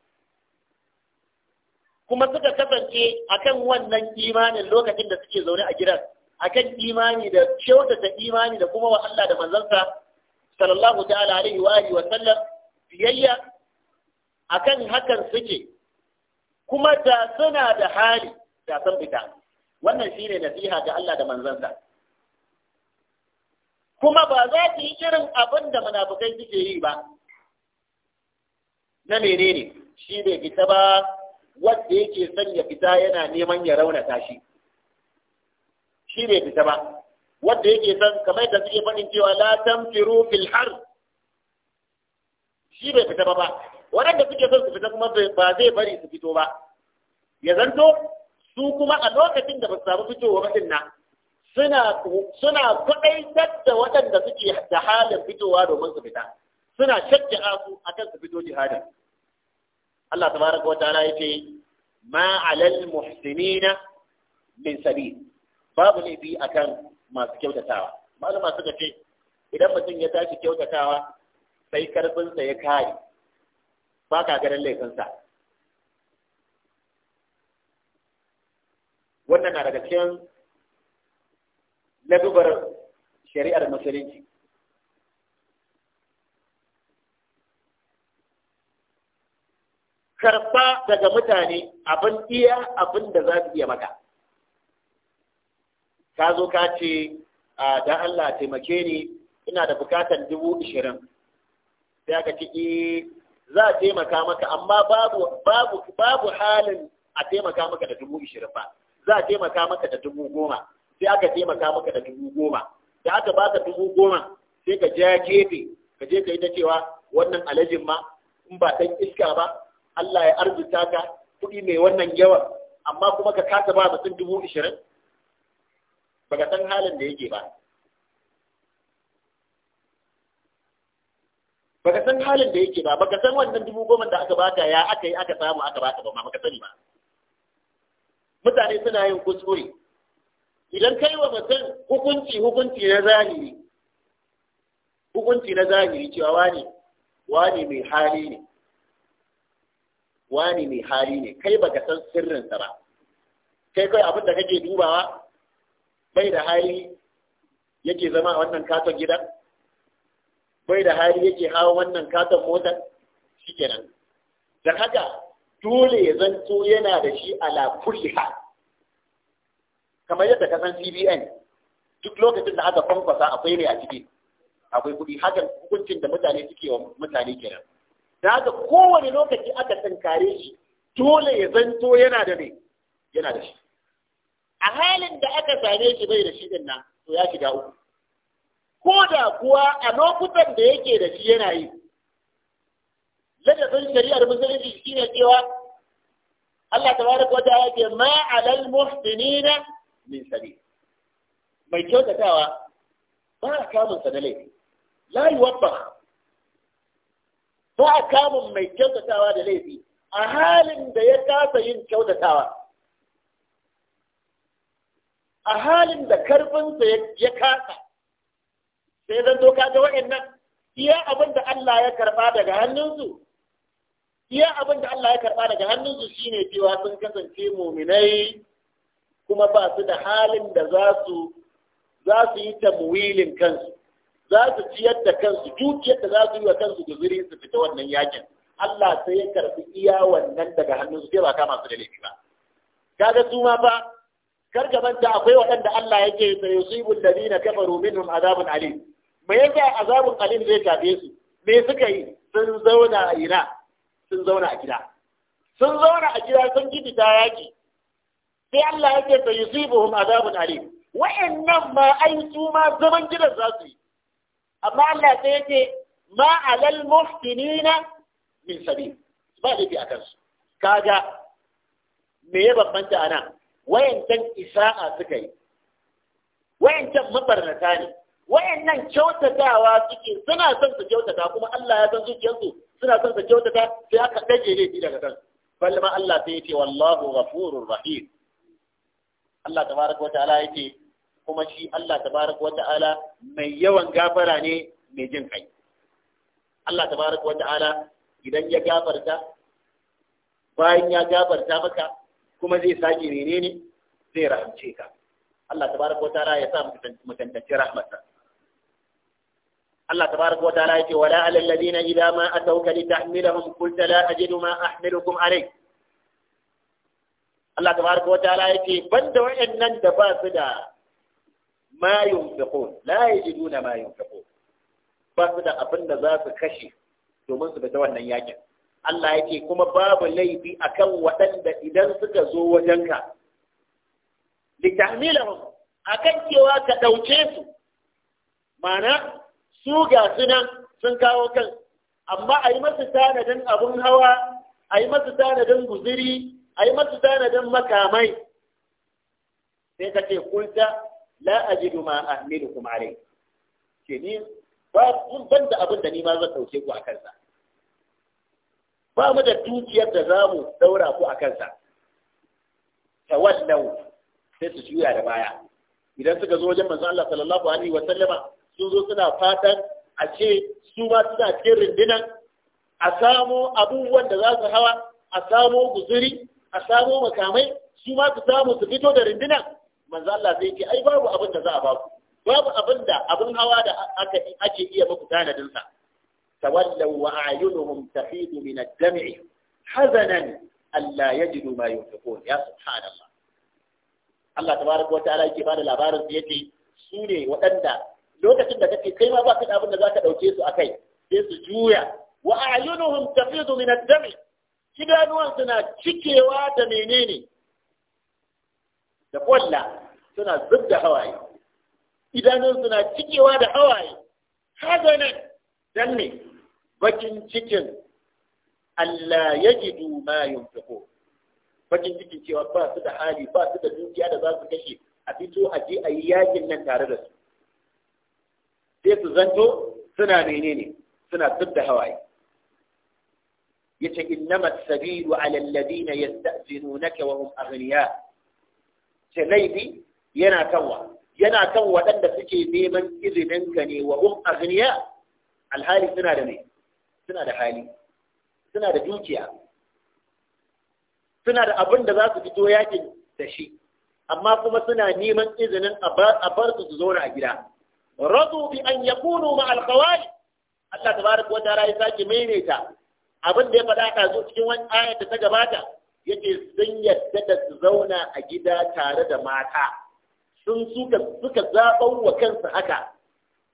kuma suka kasance akan wannan imanin lokacin da suke zaune a gidan akan imani da kyautata imani da kuma wa Allah da manzansa sallallahu ta'ala alaihi wa alihi wa sallam biyayya akan hakan suke kuma da suna da hali da san fita wannan shine nasiha ga Allah da manzansa kuma ba za su yi irin abin da munafukai suke yi ba na menene shi bai fita ba wanda yake son ya fita yana neman ya raunata shi shi bai fita ba wanda yake son kamar da suke faɗin cewa la tamfiru fil har shi bai fita ba ba waɗanda suke son su fita kuma ba zai bari su fito ba ya zanto su kuma a lokacin da ba su samu fitowa ba din suna suna kwaɗaitar da waɗanda suke da halin fitowa domin su fita suna shakka su akan su fito jihadin Allah tabaraka wa ta'ala yace ma alal muhsinina min sabil babu laifi akan masu kyautatawa malama masu ce idan mutum ya tashi kyautatawa sai sa ya kare ba ka ganin sa. wannan na daga cikin ladubar shari'ar musulunci karba daga mutane abin iya abin da za su iya maka ka zo ka ce dan Allah taimake ni ina da bukatar dubu ishirin sai aka ce eh za a taimaka maka amma babu babu babu halin a taimaka maka da dubu ishirin ba za a taimaka maka da dubu goma sai aka taimaka maka da dubu goma da aka baka dubu goma sai ka ja gefe ka je ka yi ta cewa wannan alajin ma in ba ta iska ba Allah ya arzuta ka kuɗi mai wannan yawa amma kuma ka kasa ba mutum dubu ishirin baka san halin da yake ba baka san halin da yake ba baka san wannan dubu goma da aka baka ya aka yi aka samu aka baka ba ma baka sani ba mutane suna yin kuskure idan kai wa mutum hukunci hukunci na zahiri hukunci na zahiri cewa wani wani mai hali ne wani mai hali ne kai baka san sirrinsa ba kai kai abin da kake dubawa bai da hali yake zama a wannan katon gidan bai da hali yake hawa wannan katon motar shikenan da haka dole ya zanto yana da shi ala kulli kamar yadda ka san CBN duk lokacin da aka kwankwasa akwai ne a ciki akwai kuɗi hakan hukuncin da mutane suke wa mutane kenan da haka kowane lokaci aka tankare shi dole ya zanto yana da ne yana da shi a halin da aka same shi bai da shi din nan to ya shiga uku ko da kuwa a lokutan da yake da shi yana yi ladabin shari'ar musulunci shi ne cewa Allah baraka wata ya ce ma alal muhsinina min sabi mai kyautatawa ba a kamun sa da laifi la yuwabba Ba a kamun mai kyautatawa da laifi a halin da ya kasa yin kyautatawa a halin da karfinsa ya kasa sai zan zo kaga wa'annan iya abin da Allah ya karba daga hannunsu iya abin da Allah ya karba daga hannunsu shine cewa sun kasance muminai kuma ba su da halin da za su za su yi tamwilin kansu za su ciyar da kansu duk yadda za su yi wa kansu zuri su fita wannan yakin Allah sai ya karbi iya wannan daga hannunsu su ba kama su da laifi ba kaga su ma fa kar ka manta akwai waɗanda Allah yake sai yusibul ladina kafaru minhum azabun alim me yasa azabun alim zai tafe su me suka yi sun zauna a ina sun zauna a gida sun zauna a gida sun ji fita yaki sai Allah yake sai yusibuhum azabun alim wa'annan ma ai su ma zaman gidan za su yi amma Allah sai ya ce ma alal muhsinina min sabil ba laifi a kansu kaga me ya bambanta ana wayancan isa'a suka yi wayancan mabarnata ne wayannan kyautatawa suke suna son su kyautata kuma Allah ya san zuciyarsu suna son su kyautata sai aka dage laifi daga kan bal ma Allah sai ce wallahu ghafurur rahim Allah tabaraka wa ta'ala yake kuma shi Allah tabaraka wata'ala mai yawan gafara ne mai jin kai Allah tabaraka wata'ala idan ya gafarta bayan ya gafarta maka kuma zai sake menene zai rahamce ka Allah tabaraka wata'ala ya sa mutuntacce rahmata Allah tabaraka wata'ala ya ce wala alal ladina idza ma atawka li tahmilahum qult la ajidu ma ahmilukum alayhi Allah tabaraka wata'ala ya ce banda wayannan da ba su da ma yunfiqun la yajiduna ma yunfiqun ba su da abin da za su kashe domin su fita wannan yakin Allah ya ce kuma babu laifi akan waɗanda idan suka zo wajenka litahmilahum akan cewa ka ɗauke su mana su ga sunan sun kawo kan amma a yi masu tanadin abin hawa a yi masu tanadin guziri a yi masu tanadin makamai sai ka ce kulta la ajidu ma ahmilukum alai ce ni ba mun banda abin da ni ma zan dauke ku a kansa ba mu da dukiyar da za mu daura ku a kansa tawallau sai su juya da baya idan suka zo wajen manzo Allah sallallahu alaihi wa sallama sun zo suna fatan a ce su ma suna cikin rundunan a samo abubuwan da za su hawa a samo guzuri a samo makamai su ma su samu su fito da rundunan manzo Allah sai ce ai babu abin da za a baku babu abin da abin hawa da aka ake iya muku tanadin sa tawallaw wa a'yunuhum tafidu min ad-dam'i hazanan alla yajidu ma yunfiqun ya subhanallah Allah tabaraka wa ta'ala yake bada labarin sa yace su ne waɗanda lokacin da kake kai ma ba ka da abin da zaka dauke su akai sai su juya wa a'yunuhum tafidu min ad-dam'i idanuwan suna cikewa da menene da kwalla suna zub da hawaye idanun suna cikewa da hawaye hazanan dan ne bakin cikin Allah ya jidu ma yunfiqu bakin cikin cewa ba su da hali ba su da dukiya da za su kashe a fito a je a yi yakin nan tare da su sai su zanto suna menene suna zub da hawaye yace innama sabilu ala alladhina yasta'zinunaka wa hum aghniya ce yana kanwa yana kan waɗanda suke neman izininka ne wa um alhali suna da ne suna da hali suna da dukiya suna da abin da za su fito yakin da shi amma kuma suna neman izinin a bar su su zauna a gida radu bi an yakunu ma alqawali Allah tabaraka wa ta'ala ya sake maimaita abin da ya faɗa a cikin wani ayar da ta gabata yake sun yadda da su zauna a gida tare da mata sun suka suka zaɓan wa kansu haka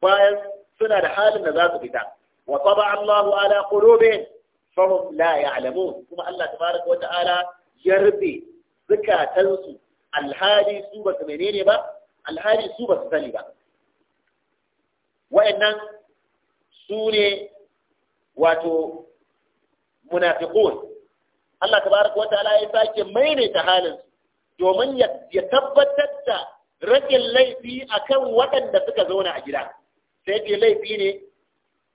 bayan suna da halin da za su fita wa taba Allahu ala qulubihim fahum la ya'lamun kuma Allah tabaraka wa ya rufe zukatansu alhali su ba su menene ba alhali su ba su sani ba wa'annan su ne wato munafiqun Allah tabaraka wataala ya sake maimaita halin su domin ya tabbatar da rashin laifi akan waɗanda suka zauna a gida sai ke laifi ne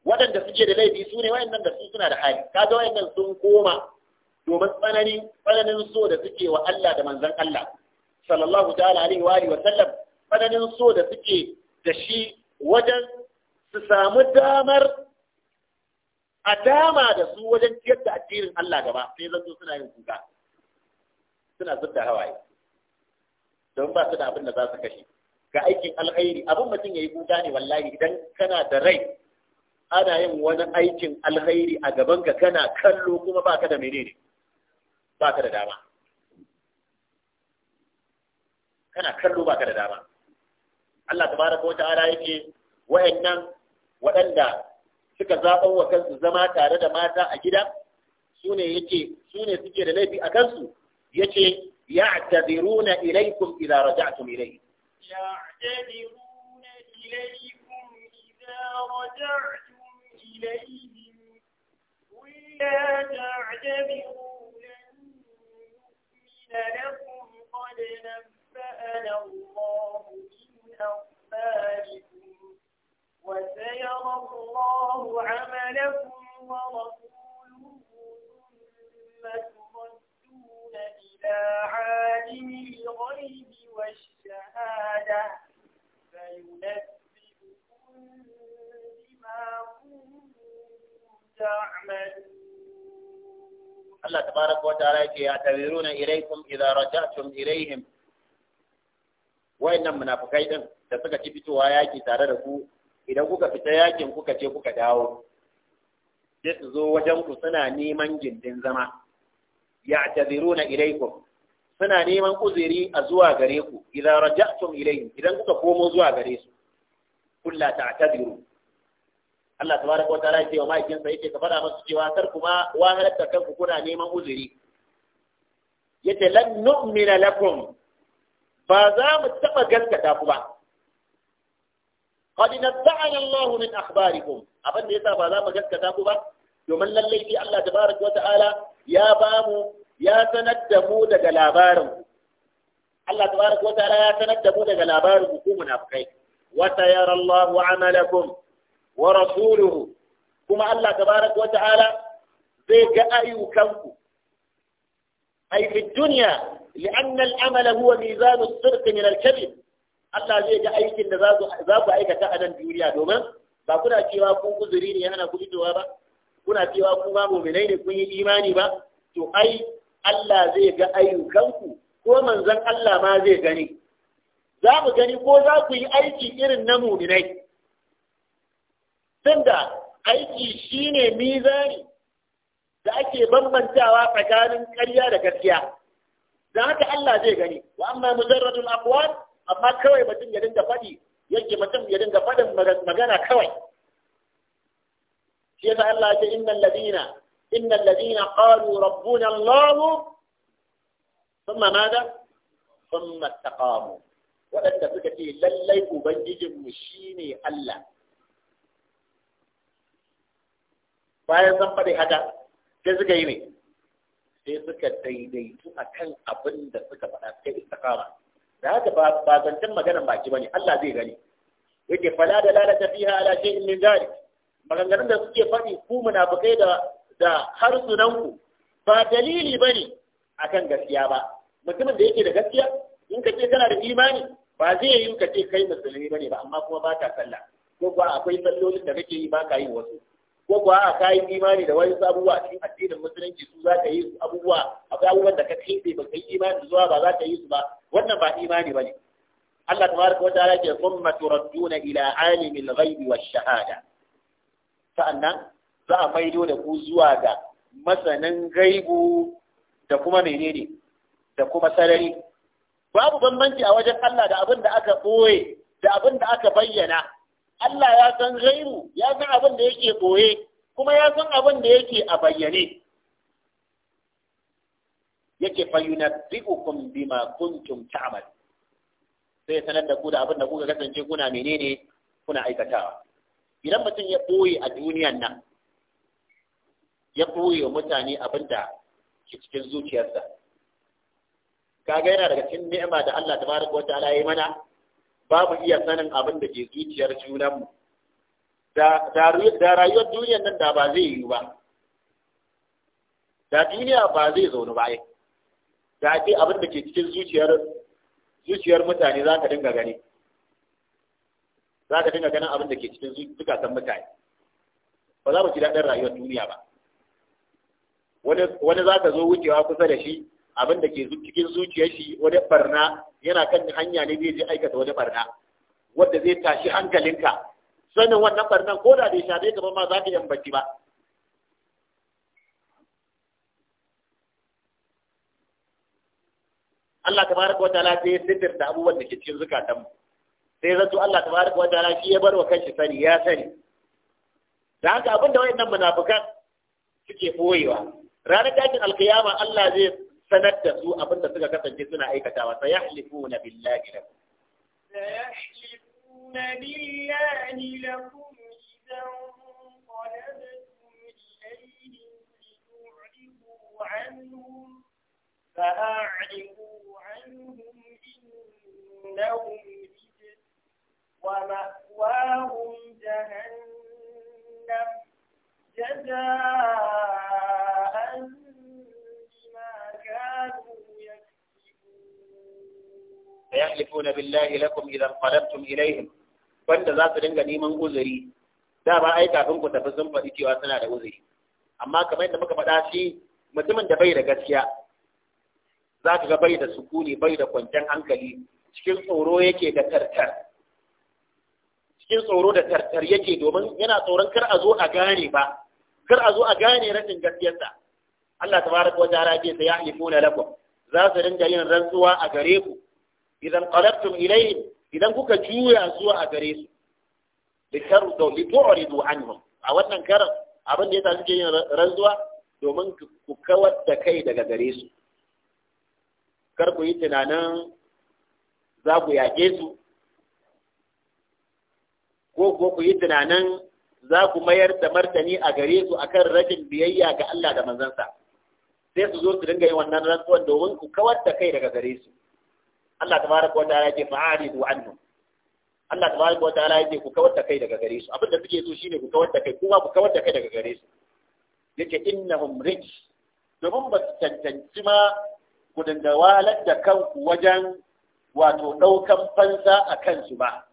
waɗanda suke da laifi su ne wayannan da su suna da hali kaga wayannan sun koma domin tsananin tsananin so da suke wa Allah da manzon Allah sallallahu ta'ala alaihi wa alihi wa sallam tsananin so da suke da shi wajen su samu damar a dama da su wajen ciyar da addinin Allah gaba sai zan suna yin kuka suna zubda hawaye don ba su da abin da za su kashe ga aikin alkhairi abin mutum ya yi kuka ne wallahi idan kana da rai ana yin wani aikin alkhairi a gaban ka kana kallo kuma baka da menene baka da dama kana kallo baka da dama Allah tabaraka wa ta'ala yake wa'annan waɗanda suka zaɓo wa kansu zama tare da mata a gida su ne yake su ne suke da laifi a kansu ya ce ya tabiru na ilaikun ya'tadiruna ja idza raja'tum ilayhim qul la na nu'mina lakum وسيرى الله عملكم ورسوله ثم تردون إلى عالم الغيب والشهادة فينبئكم بما كنتم تعملون الله تبارك وتعالى يعتذرون إليكم إذا رجعتم إليهم وإنما منافقين تسكت fitowa yaki tare da idan kuka fita yakin kuka ce kuka dawo sai su zo wajen ku suna neman gindin zama Ya na Ilaiku suna neman uzuri a zuwa gare ku idza raja'tum ilayhim idan kuka komo zuwa gare su kullu ta'tadiru Allah tabaraka wa ta'ala ce wa ma'aikin sa yake ka fada musu cewa kar kuma wa halatta kanku kuna neman uzuri yace lan nu'mina lakum ba za mu taba gaskata ku ba قد نبعنا الله من أخباركم أبن ديسا بلا مجد كتابه با يومن للي في الله تبارك وتعالى يا بامو يا سندمو دقا لابارم الله تبارك وتعالى يا سندمو دقا لابارم كوم منافقين وسيرى الله عملكم ورسوله كما الله تبارك وتعالى زي أيوكمكم أي في الدنيا لأن العمل هو ميزان الصدق من الكذب Allah zai ga aikin da za ku aikata a nan duniya domin ba kuna cewa kun uzuri ne yana ku fitowa ba kuna cewa kun ma mu'minai ne kun yi imani ba to ai Allah zai ga ayyukanku ko manzon Allah ma zai gani za mu gani ko za ku yi aiki irin na mu'minai tunda aiki shine mizani da ake bambantawa tsakanin ƙarya da gaskiya da haka Allah zai gani wa amma mujarradul aqwal amma kawai mutum ya dinga faɗi yake mutum ya dinga faɗin magana kawai shi yasa Allah ya ce innal ladina innal ladina qalu rabbuna Allah thumma madha thumma taqamu wadanda suka ce lallai ubangijin mu shine Allah bayan san faɗi haka sai suka yi ne sai suka daidaitu akan abin da suka faɗa suka istiqama da haka ba ba zancen maganar baki bane Allah zai gani yake fala da lalata fiha ala shay'in min dalik maganganun da suke faɗi ku munafikai da da harsunanku ba dalili bane akan gaskiya ba mutumin da yake da gaskiya in ka ce kana da imani ba zai yi ka ce kai musulmi bane ba amma kuma ba ka sallah ko ba akwai sallolin da kake yi ba ka yi wasu ko kuwa a kayi imani da wani abubuwa cikin addinin musulunci su za ka yi su abubuwa akwai abubuwan da ka kai ba ka yi imani zuwa ba za ka yi su ba wannan ba imani ba ne Allah baraka wa ta'ala ke summa turadduna ila alimil ghaibi wash shahada sa'annan za a maido da ku zuwa ga masanin gaibu da kuma menene da kuma sarari babu bambanci a wajen Allah da abin da aka boye da abin da aka bayyana Allah ya san gairu ya san abin da yake boye kuma ya san abin da yake a bayyane yake fayunabbi'ukum bima kuntum ta'amal. sai sanar da ku da abin da kuka kasance kuna menene kuna aikatawa idan mutum ya boye a duniyan nan ya ɓoye wa mutane abin da ke cikin zuciyarsa kaga yana daga cikin ni'ima da Allah tabaraka ta'ala ya yi mana ba mu iya sanin abin da ke zuciyar junanmu da rayuwar duniyar nan da ba zai yi ba da duniya ba zai zaune ba da ake abin da ke cikin zuciyar zuciyar mutane za ka dinga gani za ka dinga ganin abin da ke cikin zukatan mutane ba za mu ji daɗin rayuwar duniya ba wani za ka zo wucewa kusa da shi abin da ke cikin zuciya shi wani barna yana kan hanya ne zai je aikata wani barna wanda zai tashi hankalinka sanin wannan barnan ko da bai shafe ka ba ma za ka yan ba Allah tabaraka wa ta'ala sai ya da abubuwan da ke cikin zukatan mu sai zato Allah tabaraka wa ta'ala shi ya bar wa kanshi sani ya sani da haka abin da wayannan munafikan suke boyewa ranar dakin alkiyama Allah zai sanar da su abin da suka kasance suna aikatawa sai yahlifuna billahi lakum sayahlifuna billahi lakum idan qalabtum ilayhim litu'ridu anhum fa'ridu anhum innahum rijs wa ma'wahum jahannam جزاء da billahi lakum idan qalabtum ilaihim wanda za su dinga neman uzuri da ba ai kafin ku tafi sun faɗi cewa suna da uzuri amma kamar yadda muka faɗa shi mutumin da bai da gaskiya za ka ga bai da sukuni bai da kwanciyar hankali cikin tsoro yake da tartar cikin tsoro da tartar yake domin yana tsoron kar a zo a gane ba kar a zo a gane rashin gaskiyarsa Allah tabaraka wa ta'ala ya ce sayahifuna lakum za su dinga yin rantsuwa a gare ku idan qalabtum ilayhi idan kuka juya zuwa a gare su litardu litu'ridu anhum a wannan karan abin da yasa suke yin ranzuwa domin ku kawar da kai daga gare su kar ku yi tunanin za ku yaƙe su ko ko ku yi tunanin za ku mayar da martani a gare su akan rashin biyayya ga Allah da manzansa sai su zo su dinga yin wannan rantsuwar domin ku kawar da kai daga gare su Allah tabaraka wa ta'ala yake fa'aridu anhum Allah tabaraka wa ta'ala yake ku kawar da kai daga gare su abin da suke so shine ku kawar da kai kuma ku kawar da kai daga gare su yake innahum rich domin ba su cancanci ma ku dinga walar da kanku wajen wato ɗaukan fansa a kansu ba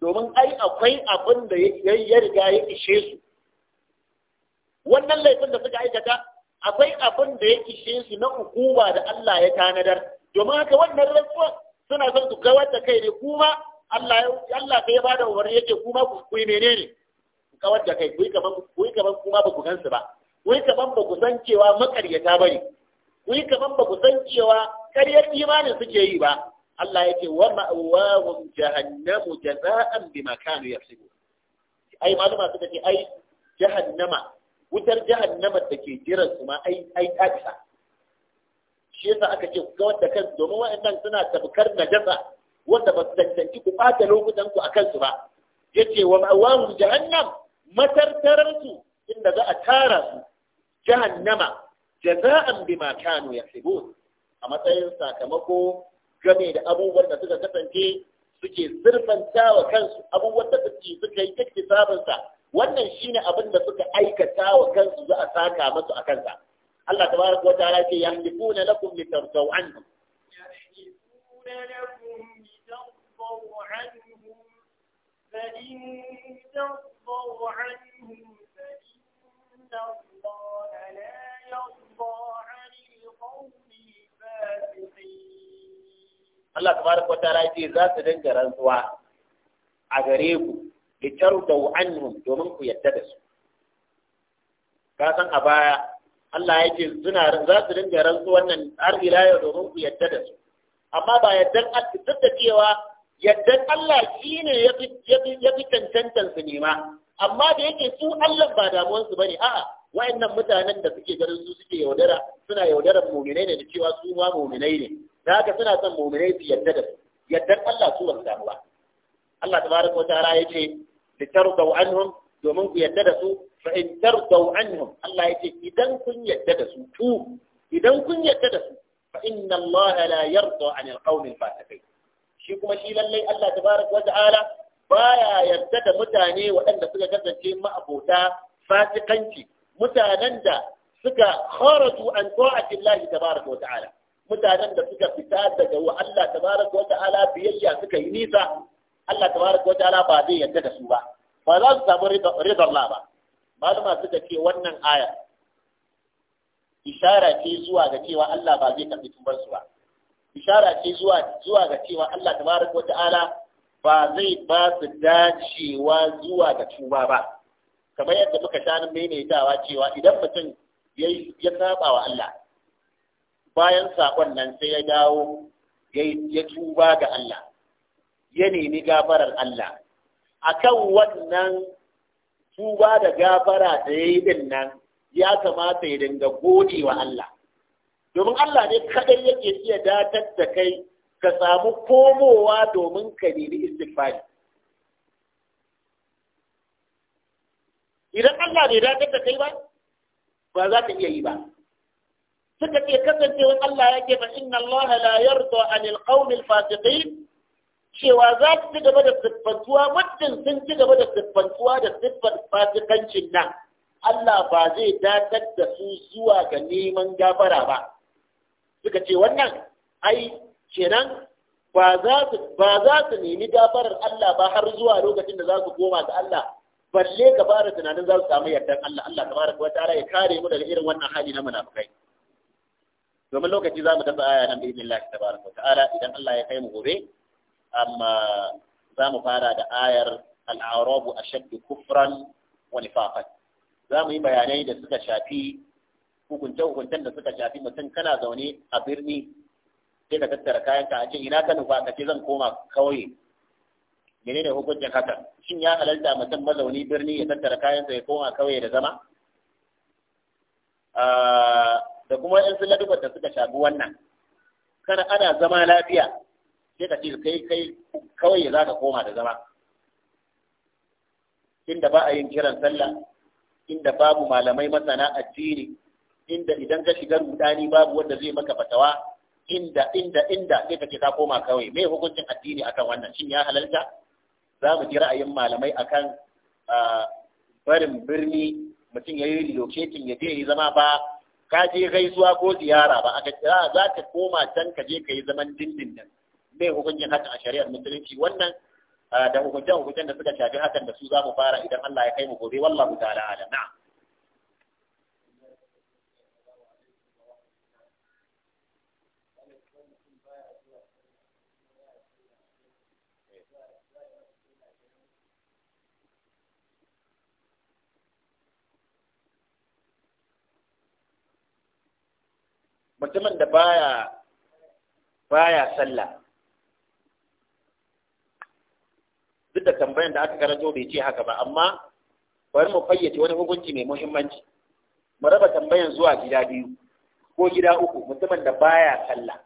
domin ai akwai abin da ya riga ya ishe su wannan laifin da suka aikata akwai abin da ya ishe su na hukuma da Allah ya tanadar domin haka wannan rantsuwa suna son su kawar da kai ne kuma Allah ya Allah sai bada umarni yake kuma ku yi menene ku kawar da kai ku yi kaman ku yi kaman kuma ba ku gansu ba ku yi kaman ba ku san cewa makaryata bane ku yi kaman ba ku san cewa karyar imanin suke yi ba Allah yake wa ma'awahum jahannamu jaza'an bima kanu yafsibu ai maluma suka ce ai jahannama wutar jahannama da ke jiran su ma ai ai kadisa shi yasa aka ce ku kawar da kansu domin wa'annan suna tabkar najasa wanda ba su danganci ku ɓata lokutan ku a kansu ba yace wa ma'awahu jahannam matartararsu inda za a tara su jahannama jaza'an bima kanu yahsibun a matsayin sakamako game da abubuwan da suka kasance suke zurfanta wa kansu abubuwan da suke suka yi iktisabinsa wannan shine abin da suka aikata wa kansu za a saka masu a kansa Allah tabaraka wa ta'ala ce yahdifuna lakum litarjaw anhum yahdifuna lakum litarjaw anhum fa in tarjaw anhum fa inna Allah la yarda 'anil qawmi fasiqin Allah tabaraka wa ta'ala ce za su dinga rantsuwa a gare ku litarjaw anhum domin ku yadda da su ka san a baya Allah ya ce suna za su dinga rantsu wannan har ila yau domin ku yadda da su amma ba yaddan duk da cewa yaddan Allah shi ne ya fi cancantan su nema amma da yake su Allah ba damuwansu su bane a'a wayannan mutanen da suke garin su suke yaudara suna yaudaran mu'minai ne da cewa su ma mu'minai ne da haka suna son mu'minai su yadda da su yaddan Allah su ba su damuwa. ba Allah tabaraka wa ta'ala ya ce litardaw anhum domin ku yadda da su fa in tardaw anhum Allah ce idan kun yadda da su tu idan kun yadda da su fa inna Allah la yarda an ta kai. shi kuma shi lallai Allah ta'ala. Ba baya yarda da mutane waɗanda suka kasance ma'abota fasikanci mutanen da suka kharaju an ta Allah wa ta'ala. mutanen da suka fita daga wa Allah wa ta'ala biyayya suka yi nisa Allah wa ta'ala ba zai yarda da su ba ba za su samu ridar ba malama suka ce wannan aya ishara ce zuwa ga cewa Allah ba zai karbi tubar ba ishara ce zuwa zuwa ga cewa Allah tabaraka wata'ala ba zai ba su dacewa zuwa ga tuba ba kamar yadda muka shanin maimaitawa cewa idan mutum ya saba wa Allah bayan sakon nan sai ya dawo ya tuba ga Allah ya nemi gafarar Allah akan wannan tuba da gafara da ya yi din nan ya kamata ya dinga gode wa Allah domin Allah ne kadai yake iya datar da kai ka samu komowa domin ka nemi istighfari idan Allah bai datar da kai ba ba za ka iya yi ba suka ce kasancewar Allah yake fa inna Allah la yarda anil qawmil fasiqin cewa za su ci gaba da siffantuwa muddin sun ci gaba da siffantuwa da siffar fasikancin nan Allah ba zai dakar da su zuwa ga neman gafara ba suka ce wannan ai kenan ba za su nemi gafarar Allah ba har zuwa lokacin da za su koma ga Allah balle ka fara tunanin za su samu yardan Allah Allah fara kuwa ya kare mu daga irin wannan hali na munafikai domin lokaci za mu dafa aya nan bi idnillah tabaraka ta'ala idan Allah ya kai mu gobe amma za mu fara da ayar al'arabu a shaɗi kufran wani fafan za mu yi bayanai da suka shafi hukunce-hukuncen da suka shafi mutum kana zaune a birni sai ka tattara kayanka a ce ina ka nufa ka ce zan koma kauye ne hukuncin hakan shin ya halarta mutum mazauni birni ya tattara kayansa ya koma kauye da zama ah, da kuma yan sun da suka shafi wannan kana ana zama lafiya sai ka ce kai kai kawai za ka koma da zama inda ba a yin kiran sallah inda babu malamai masana addini inda idan ka shiga rudani babu wanda zai maka fatawa inda inda inda sai ka ce ka koma kawai me hukuncin addini akan wannan shin ya halalta za mu ji ra'ayin malamai akan barin birni mutum ya yi relocating ya je zama ba ka je gaisuwa ko ziyara ba ah, za ka koma can ka je ka yi zaman dindindin sai hukuncin hakan a shari'ar musulunci wannan da hukuncen hukuncen da suka shafi hakan da su za mu fara idan Allah ya kai mu gobe wallahu ta'ala ala na'am mutumin da baya baya sallah duk da tambayan da aka karanto bai ce haka ba amma bari mu fayyace wani hukunci mai muhimmanci mu raba tambayan zuwa gida biyu ko gida uku mutumin da baya sallah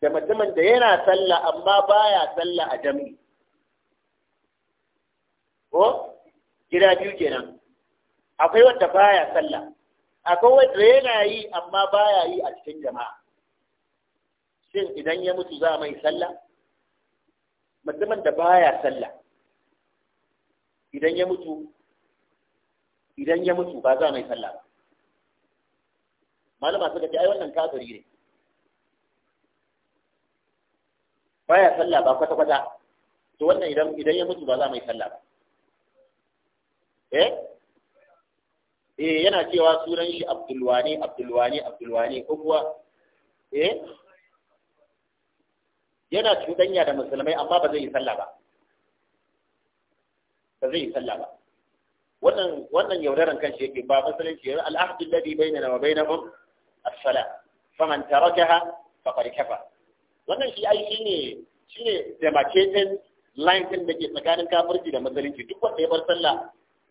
da mutumin da yana sallah amma baya sallah a jami'i ko gida biyu kenan akwai wanda baya sallah akwai wanda yana yi amma baya yi a cikin jama'a shin idan ya mutu za mai sallah mutumin da baya sallah idan ya mutu idan ya mutu ba za mai sallah ba malama suka ce ai wannan kafiri ne baya sallah ba kwata kwata to wannan idan idan ya mutu ba za mai sallah ba eh eh yana cewa sunan shi Abdulwani Abdulwani Abdulwani ko kuwa eh yana cuɗanya da musulmai amma ba zai yi sallah ba ba zai yi sallah ba wannan wannan yaudaran shi yake ba musulunci yana al'ahdi alladhi bainana wa bainahum as-salah faman tarakaha faqad kafa wannan shi ai shine shine demarcating line din da ke tsakanin kafirci da musulunci duk wanda ya bar sallah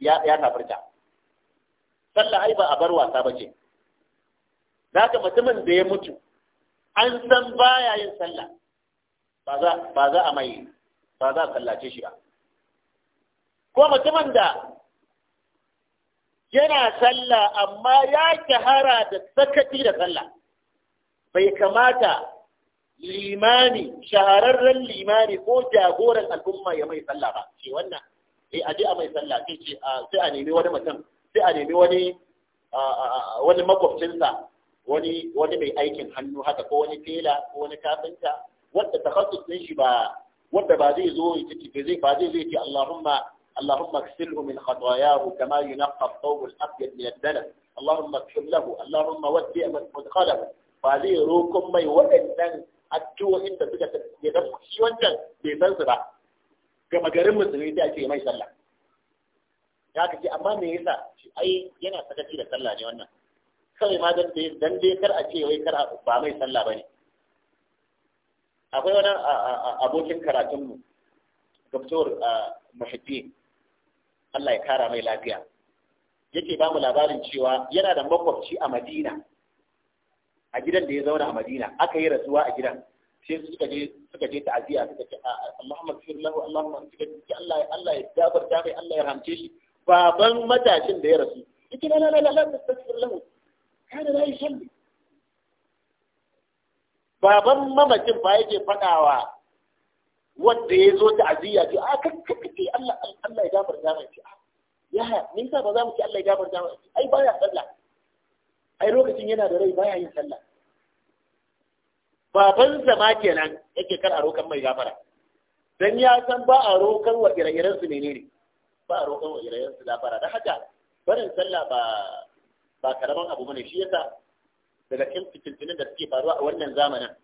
ya ya kafirta sallah ai ba a bar wasa bace zaka mutumin da ya mutu an san baya yin sallah ba za a mai ba za a sallace shi ba ko mutumin da yana sallah amma ya kihara da sakati da sallah bai kamata limani shahararren limani ko jagoran al'umma ya mai sallah ba ce wannan eh aje a mai sallah sai ce sai a nemi wani mutum sai a nemi wani wani makwabcinsa wani mai aikin hannu haka ko wani tela ko wani kafinta wanda takhassus din shi ba wanda ba zai zo ya ce zai ba zai zai ce Allahumma Allahumma ksilhu min khatayahu kama yunqqa ath-thawb al-abyad min ad-dalal Allahumma kshif lahu Allahumma waddi' mudkhalahu ba zai roƙon mai waɗannan addu'o'in da suka ya da shi wancan bai san su ba ga magarin musulmi sai ake mai sallah ya kace amma me yasa shi ai yana sakaci da sallah ne wannan kawai ma dan dai dan dai kar a ce wai kar ba mai sallah bane akwai wani abokin karatunmu doktor muhibbi Allah ya kara mai lafiya yake ba mu labarin cewa yana da makwabci a madina a gidan da ya zauna a madina aka yi rasuwa a gidan sai suka je ta aziya suka ce Allahumma firlahu Allahumma suka ce Allah Allah ya dabar da mai Allah ya ramce shi baban matashin da ya rasu yake la la la la astaghfir lahu na yi yusalli baban mamacin ba yake faɗawa wanda ya zo ta aziya ce a kakkace Allah Allah ya gafar da ce ya haya me ba za mu ci Allah ya gafar da ce. ai baya sallah ai lokacin yana da rai baya yin sallah baban zama kenan yake kar a rokan mai gafara dan ya san ba a rokan wa ire-iren su ne, ba a rokan wa ire-iren su gafara dan haka barin sallah ba ba karaman abu bane shi yasa daga cikin fitintunin da suke faruwa a wannan zamanin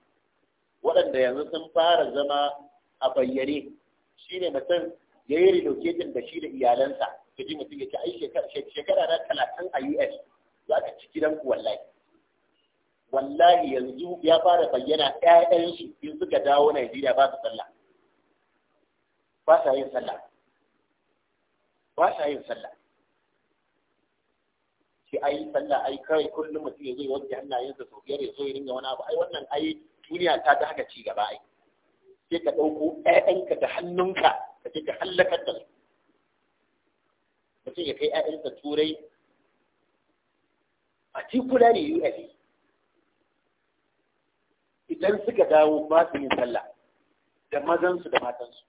waɗanda yanzu sun fara zama a bayyane shi ne mutum ya yi relocating da shi da iyalansa ka ji mutum ya ce ai shekara na talatin a us za ka ci gidan ku wallahi wallahi yanzu ya fara bayyana ƴaƴan shi in suka dawo najeriya ba su sallah ba sa yin sallah ba sa yin sallah ce ai sallah ai kai kullum mutum ya zai wanke hannayensa sau biyar ya zo ya ringa wani abu ai wannan ai duniya ta ta haka ci gaba ai sai ka ɗauko ƴaƴanka da hannunka ka ce ka hallakar da su mutum ya kai ƴaƴansa turai a tikula ne USA idan suka dawo ba su yin sallah da mazansu da matansu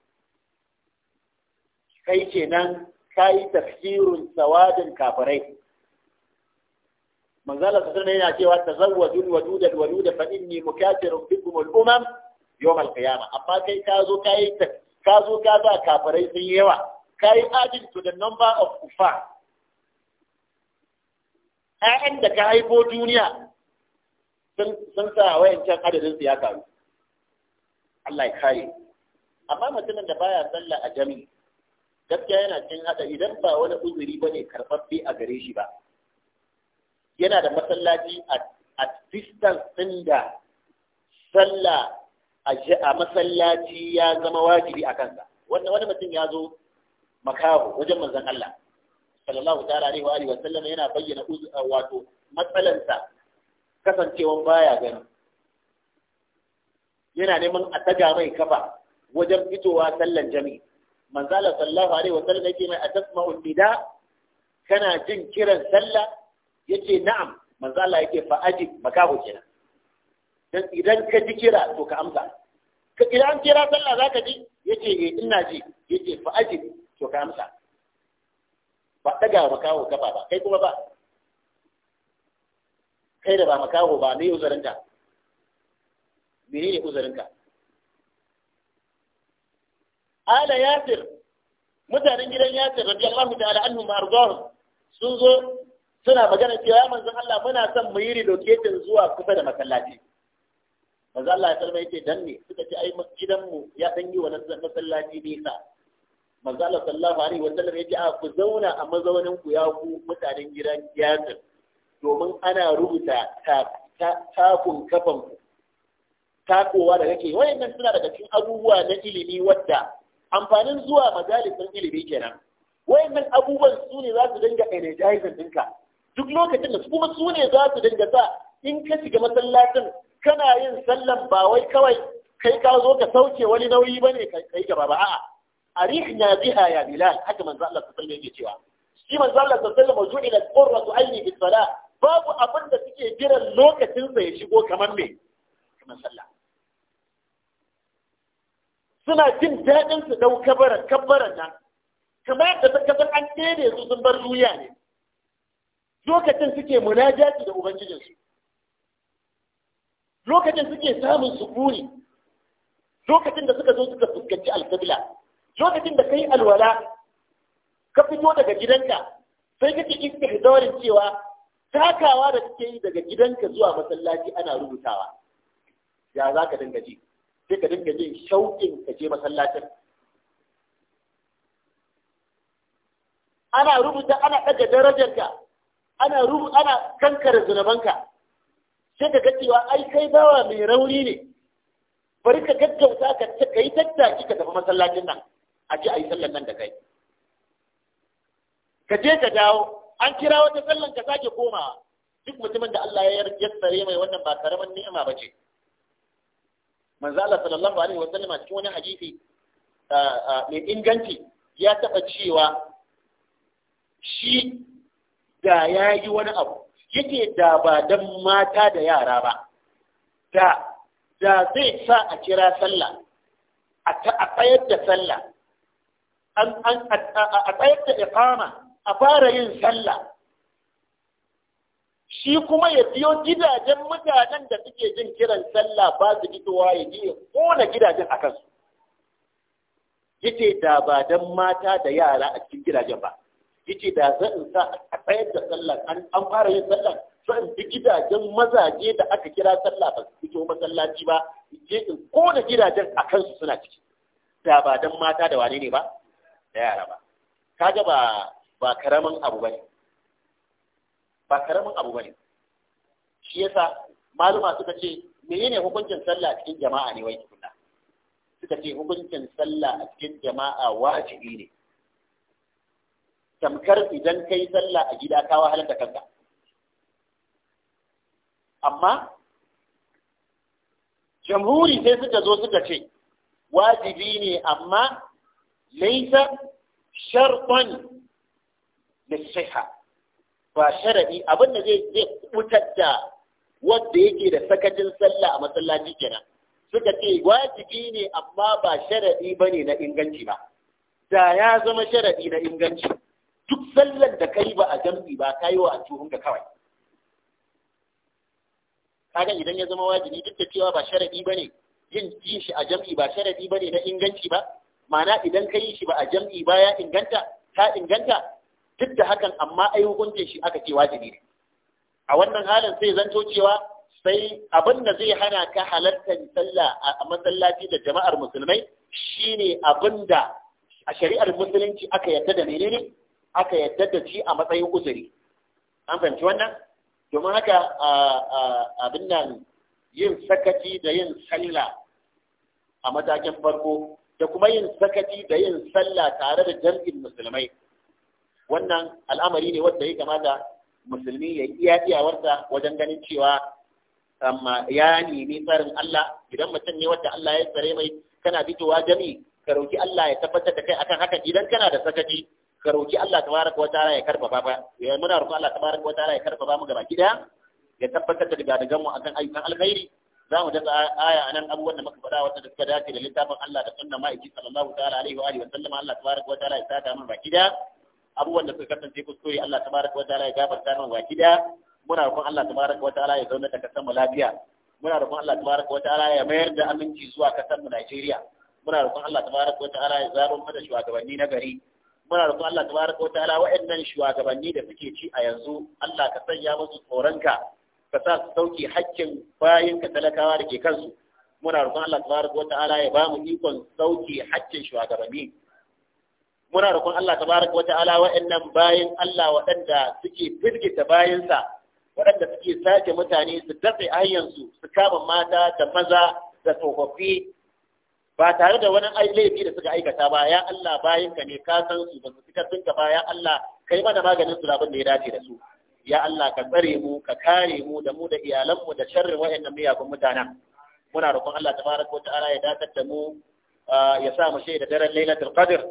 kai kenan ka yi tafsirin tsawadin kafirai manzala su suna yana cewa ta zauwa dun wa dudar wa dudar fa inni mukatirun bikum al'umam yawm al-qiyama amma kai ka zo ka yi ka zo ka ba kafirai sun yawa ka yi adding to the number of kuffar ƴaƴan da ka haifo duniya sun sa wayancan adadin su ya karu Allah ya kare amma mutumin da baya sallah a jami'i gaskiya yana cikin hada idan ba wani uzuri bane karɓaɓɓe a gare shi ba yana da masallaci a distance ɗin da sallah a masallaci ya zama wajibi a kansa wannan wani mutum ya zo makaho wajen manzon Allah sallallahu ta'ala alaihi wa alihi wa yana bayyana wato matsalansa kasancewan baya gani yana neman a taga mai kafa wajen fitowa sallan Jami. manzala sallallahu alaihi wa sallam yake mai a atasma'u nida kana jin kiran sallah ce na'am manzo Allah yake fa ajib makaho kenan dan idan ka ji kira to ka amsa ka idan kira sallah zaka ji yace eh ina ji yace fa aji to ka amsa ba daga makaho kafa ba kai kuma ba kai da ba makaho ba ne ne menene ka ala yasir mutanen gidan yasir radiyallahu ta'ala annu mardar sun zo suna magana cewa ya manzan Allah muna son mu yi relocating zuwa kusa da masallaci Manzan Allah ya sallama yake dan ne suka ce ai gidan mu ya dan yi wa masallaci nisa Manzan Allah sallallahu alaihi wa sallam yake a ku zauna a mazaunin ku ya ku mutanen gidan yasir domin ana rubuta takun kafan ku takowa da kake wayannan suna daga cikin abubuwa na ilimi wadda amfanin zuwa majalisin ilimi kenan wayannan abubuwan su ne za su dinga energizing ɗinka duk lokacin da kuma su ne za su dinga sa in ka shiga masallacin kana yin sallan ba wai kawai kai ka zo ka sauke wani nauyi ba ne kai gaba ba a'a arihna biha ya bilal haka manzo Allah sallallahu alaihi cewa shi manzo Allah sallallahu alaihi ju'ila qurratu ayni bis salah babu abin da suke jiran lokacin sa ya shigo kamar me kamar sallah suna jin daɗin su dau kabaran kabaran nan kamar da ta kasar an ɗere su sun bar duniya ne lokacin suke munajati da ubangijinsu lokacin suke samun sukuni lokacin da suka zo suka fuskanci alkabila lokacin da kai alwala ka fito daga gidanka sai kake istihdarin cewa takawa da kake yi daga gidanka zuwa masallaci ana rubutawa ya za ka dinga ji sai ka dinga jin shauƙin ka je masallacin ana rubuta ana ɗaga darajarka ana rubu ana kankare zunubanka sai ka ga cewa ai kai bawa mai rauni ne bari ka gaggauta ka ka yi tattaki ka tafi masallacin nan a ji a yi sallan nan da kai ka je ka dawo an kira wata sallan ka sake komawa duk mutumin da Allah ya yassare mai wannan ba karamin ni'ima ba ce manzo Allah sallallahu alaihi wa sallama cikin wani hadisi mai inganci ya taba cewa shi da ya yi wani abu yake da ba don mata da yara ba da da zai sa a kira sallah a tsayar da sallah a tsayar da iqama a fara yin sallah shi kuma ya biyo gidajen mutanen da suke jin kiran sallah ba su fitowa ya je ya kona gidajen a kansu yake da ba don mata da yara a cikin gidajen ba yace da zan sa a tsayar da sallah an fara yin sallah sai in bi gidajen mazaje da aka kira sallah ba su fito masallaci ba je in ko da gidajen a kansu suna ciki da ba dan mata da wane ne ba da yara ba kaga ba ba karaman abu bane ba karaman abu bane shi yasa maluma suka ce menene hukuncin sallah cikin jama'a ne wai tukunna suka ce hukuncin sallah a cikin jama'a wajibi ne tamkar idan kai sallah a gida ka wahalar kanka amma jamhuri sai suka zo suka ce wajibi ne amma laisa sharɗon da siha ba sharaɗi abin da zai zai da wanda yake da sakacin sallah a masallaci kenan suka ce wajibi ne amma ba sharaɗi ba ne na inganci ba da ya zama sharaɗi na inganci duk sallar da ka yi ba a jam'i ba ka yi wa aljuhun ka kawai kaga idan ya zama wajibi duk da cewa ba sharadi ba yin yin shi a jam'i ba sharadi ne na inganci ba ma'ana idan ka yi shi ba a jam'i ba ya inganta ka inganta duk da hakan amma ai hukuncin shi aka ce wajibi ne a wannan halin sai zanto cewa sai abin da zai hana ka halartar sallah a masallaci da jama'ar musulmai shine abin da a shari'ar musulunci aka yarda da menene aka yadda da shi a matsayin uzuri an fahimci wannan domin haka abin nan yin sakaci da yin sallah a matakin farko da kuma yin sakaci da yin sallah tare da jam'in musulmai wannan al'amari ne wanda ya kamata musulmi ya iya iyawarsa wajen ganin cewa amma ya nemi tsarin Allah idan mutum ne wanda Allah ya tsare mai kana fitowa jami'i, ka roki Allah ya tabbatar da kai akan haka idan kana da sakaci ka roki Allah tabaraka wataala ya karfafa ba ya muna roƙon Allah tabaraka wataala ya karfafa mu gaba kida ya tabbatar da daga daga mu akan ayyukan alkhairi za mu daga aya anan abubuwan da muka faɗa wanda suka dace da littafin Allah da sunna ma'aiki sallallahu ta'ala alaihi wa alihi wa sallama Allah tabaraka wataala ya saka mu baki da abubuwan da suka kasance kuskure Allah tabaraka wataala ya gafarta mu baki da muna roƙon Allah tabaraka wataala ya zauna da kasan mu lafiya muna roƙon Allah tabaraka wataala ya mayar da aminci zuwa kasan mu Najeriya muna roƙon Allah tabaraka wataala ya zaro mu da shugabanni na gari muna da Allah tabaraka wa ta'ala wa'annan shugabanni da suke ci a yanzu Allah ka sanya musu tsoronka ka sa su sauke hakkin bayan ka talakawa da ke kansu muna roƙon Allah tabaraka wa ta'ala ya ba mu ikon sauke hakkin shugabanni muna roƙon Allah tabaraka wa ta'ala wa'annan bayan Allah waɗanda suke firgita bayansa waɗanda suke sace mutane su dafe ayyansu su kama mata da maza da tsofaffi ba tare da wani ai laifi da suka aikata ba ya Allah bayan ka ne ka san su ba su fita sun ka ba ya Allah kai mana maganin su labin da ya dace da su ya Allah ka tsare mu ka kare mu da mu da iyalan mu da sharrin wayannan miyagun mutanen muna roƙon Allah tabaraka wa ta'ala ya dakatar da mu ya sa mu shaida daren Lailatul Qadr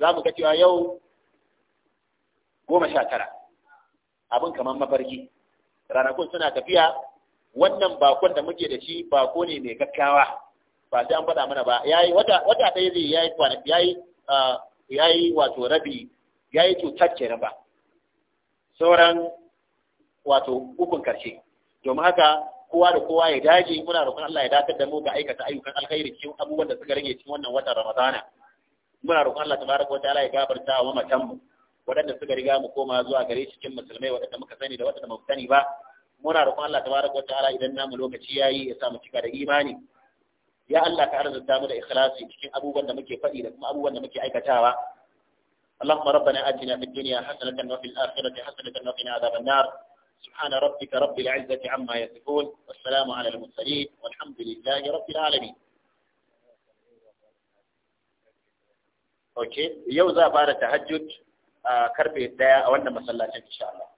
za mu ga cewa yau goma sha tara abin kamar mafarki ranakun suna tafiya wannan bakon da muke da shi bako ne mai gaggawa ba sai an faɗa mana ba yayi wata wata ɗaya zai yayi kwana yayi ah, yayi wato rabi yayi cutar kenan ba sauran wato ukun karshe domin haka kowa da kowa ya dage muna roƙon Allah ya dakatar da mu ga aikata ayyukan alkhairi cikin abubuwan da suka rage cikin wannan watan Ramadana muna roƙon Allah tabaraka wa ta'ala ya gafarta wa mamatan mu waɗanda suka riga mu koma zuwa gare shi cikin musulmai waɗanda muka sani da waɗanda ba mu sani ba muna roƙon Allah tabaraka wa ta'ala idan namu lokaci yayi ya sa mu cika da imani يا Allah ka arzuta mu da ikhlasi cikin abubuwan da muke faɗi da kuma abubuwan da muke aikatawa اللهم ربنا آتنا في الدنيا حسنة وفي الآخرة حسنة وقنا عذاب النار سبحان ربك رب العزة عما يصفون والسلام على المرسلين والحمد لله رب العالمين اوكي يوزا بارة تهجد كربي الداء وأنما مسلاتين ان شاء الله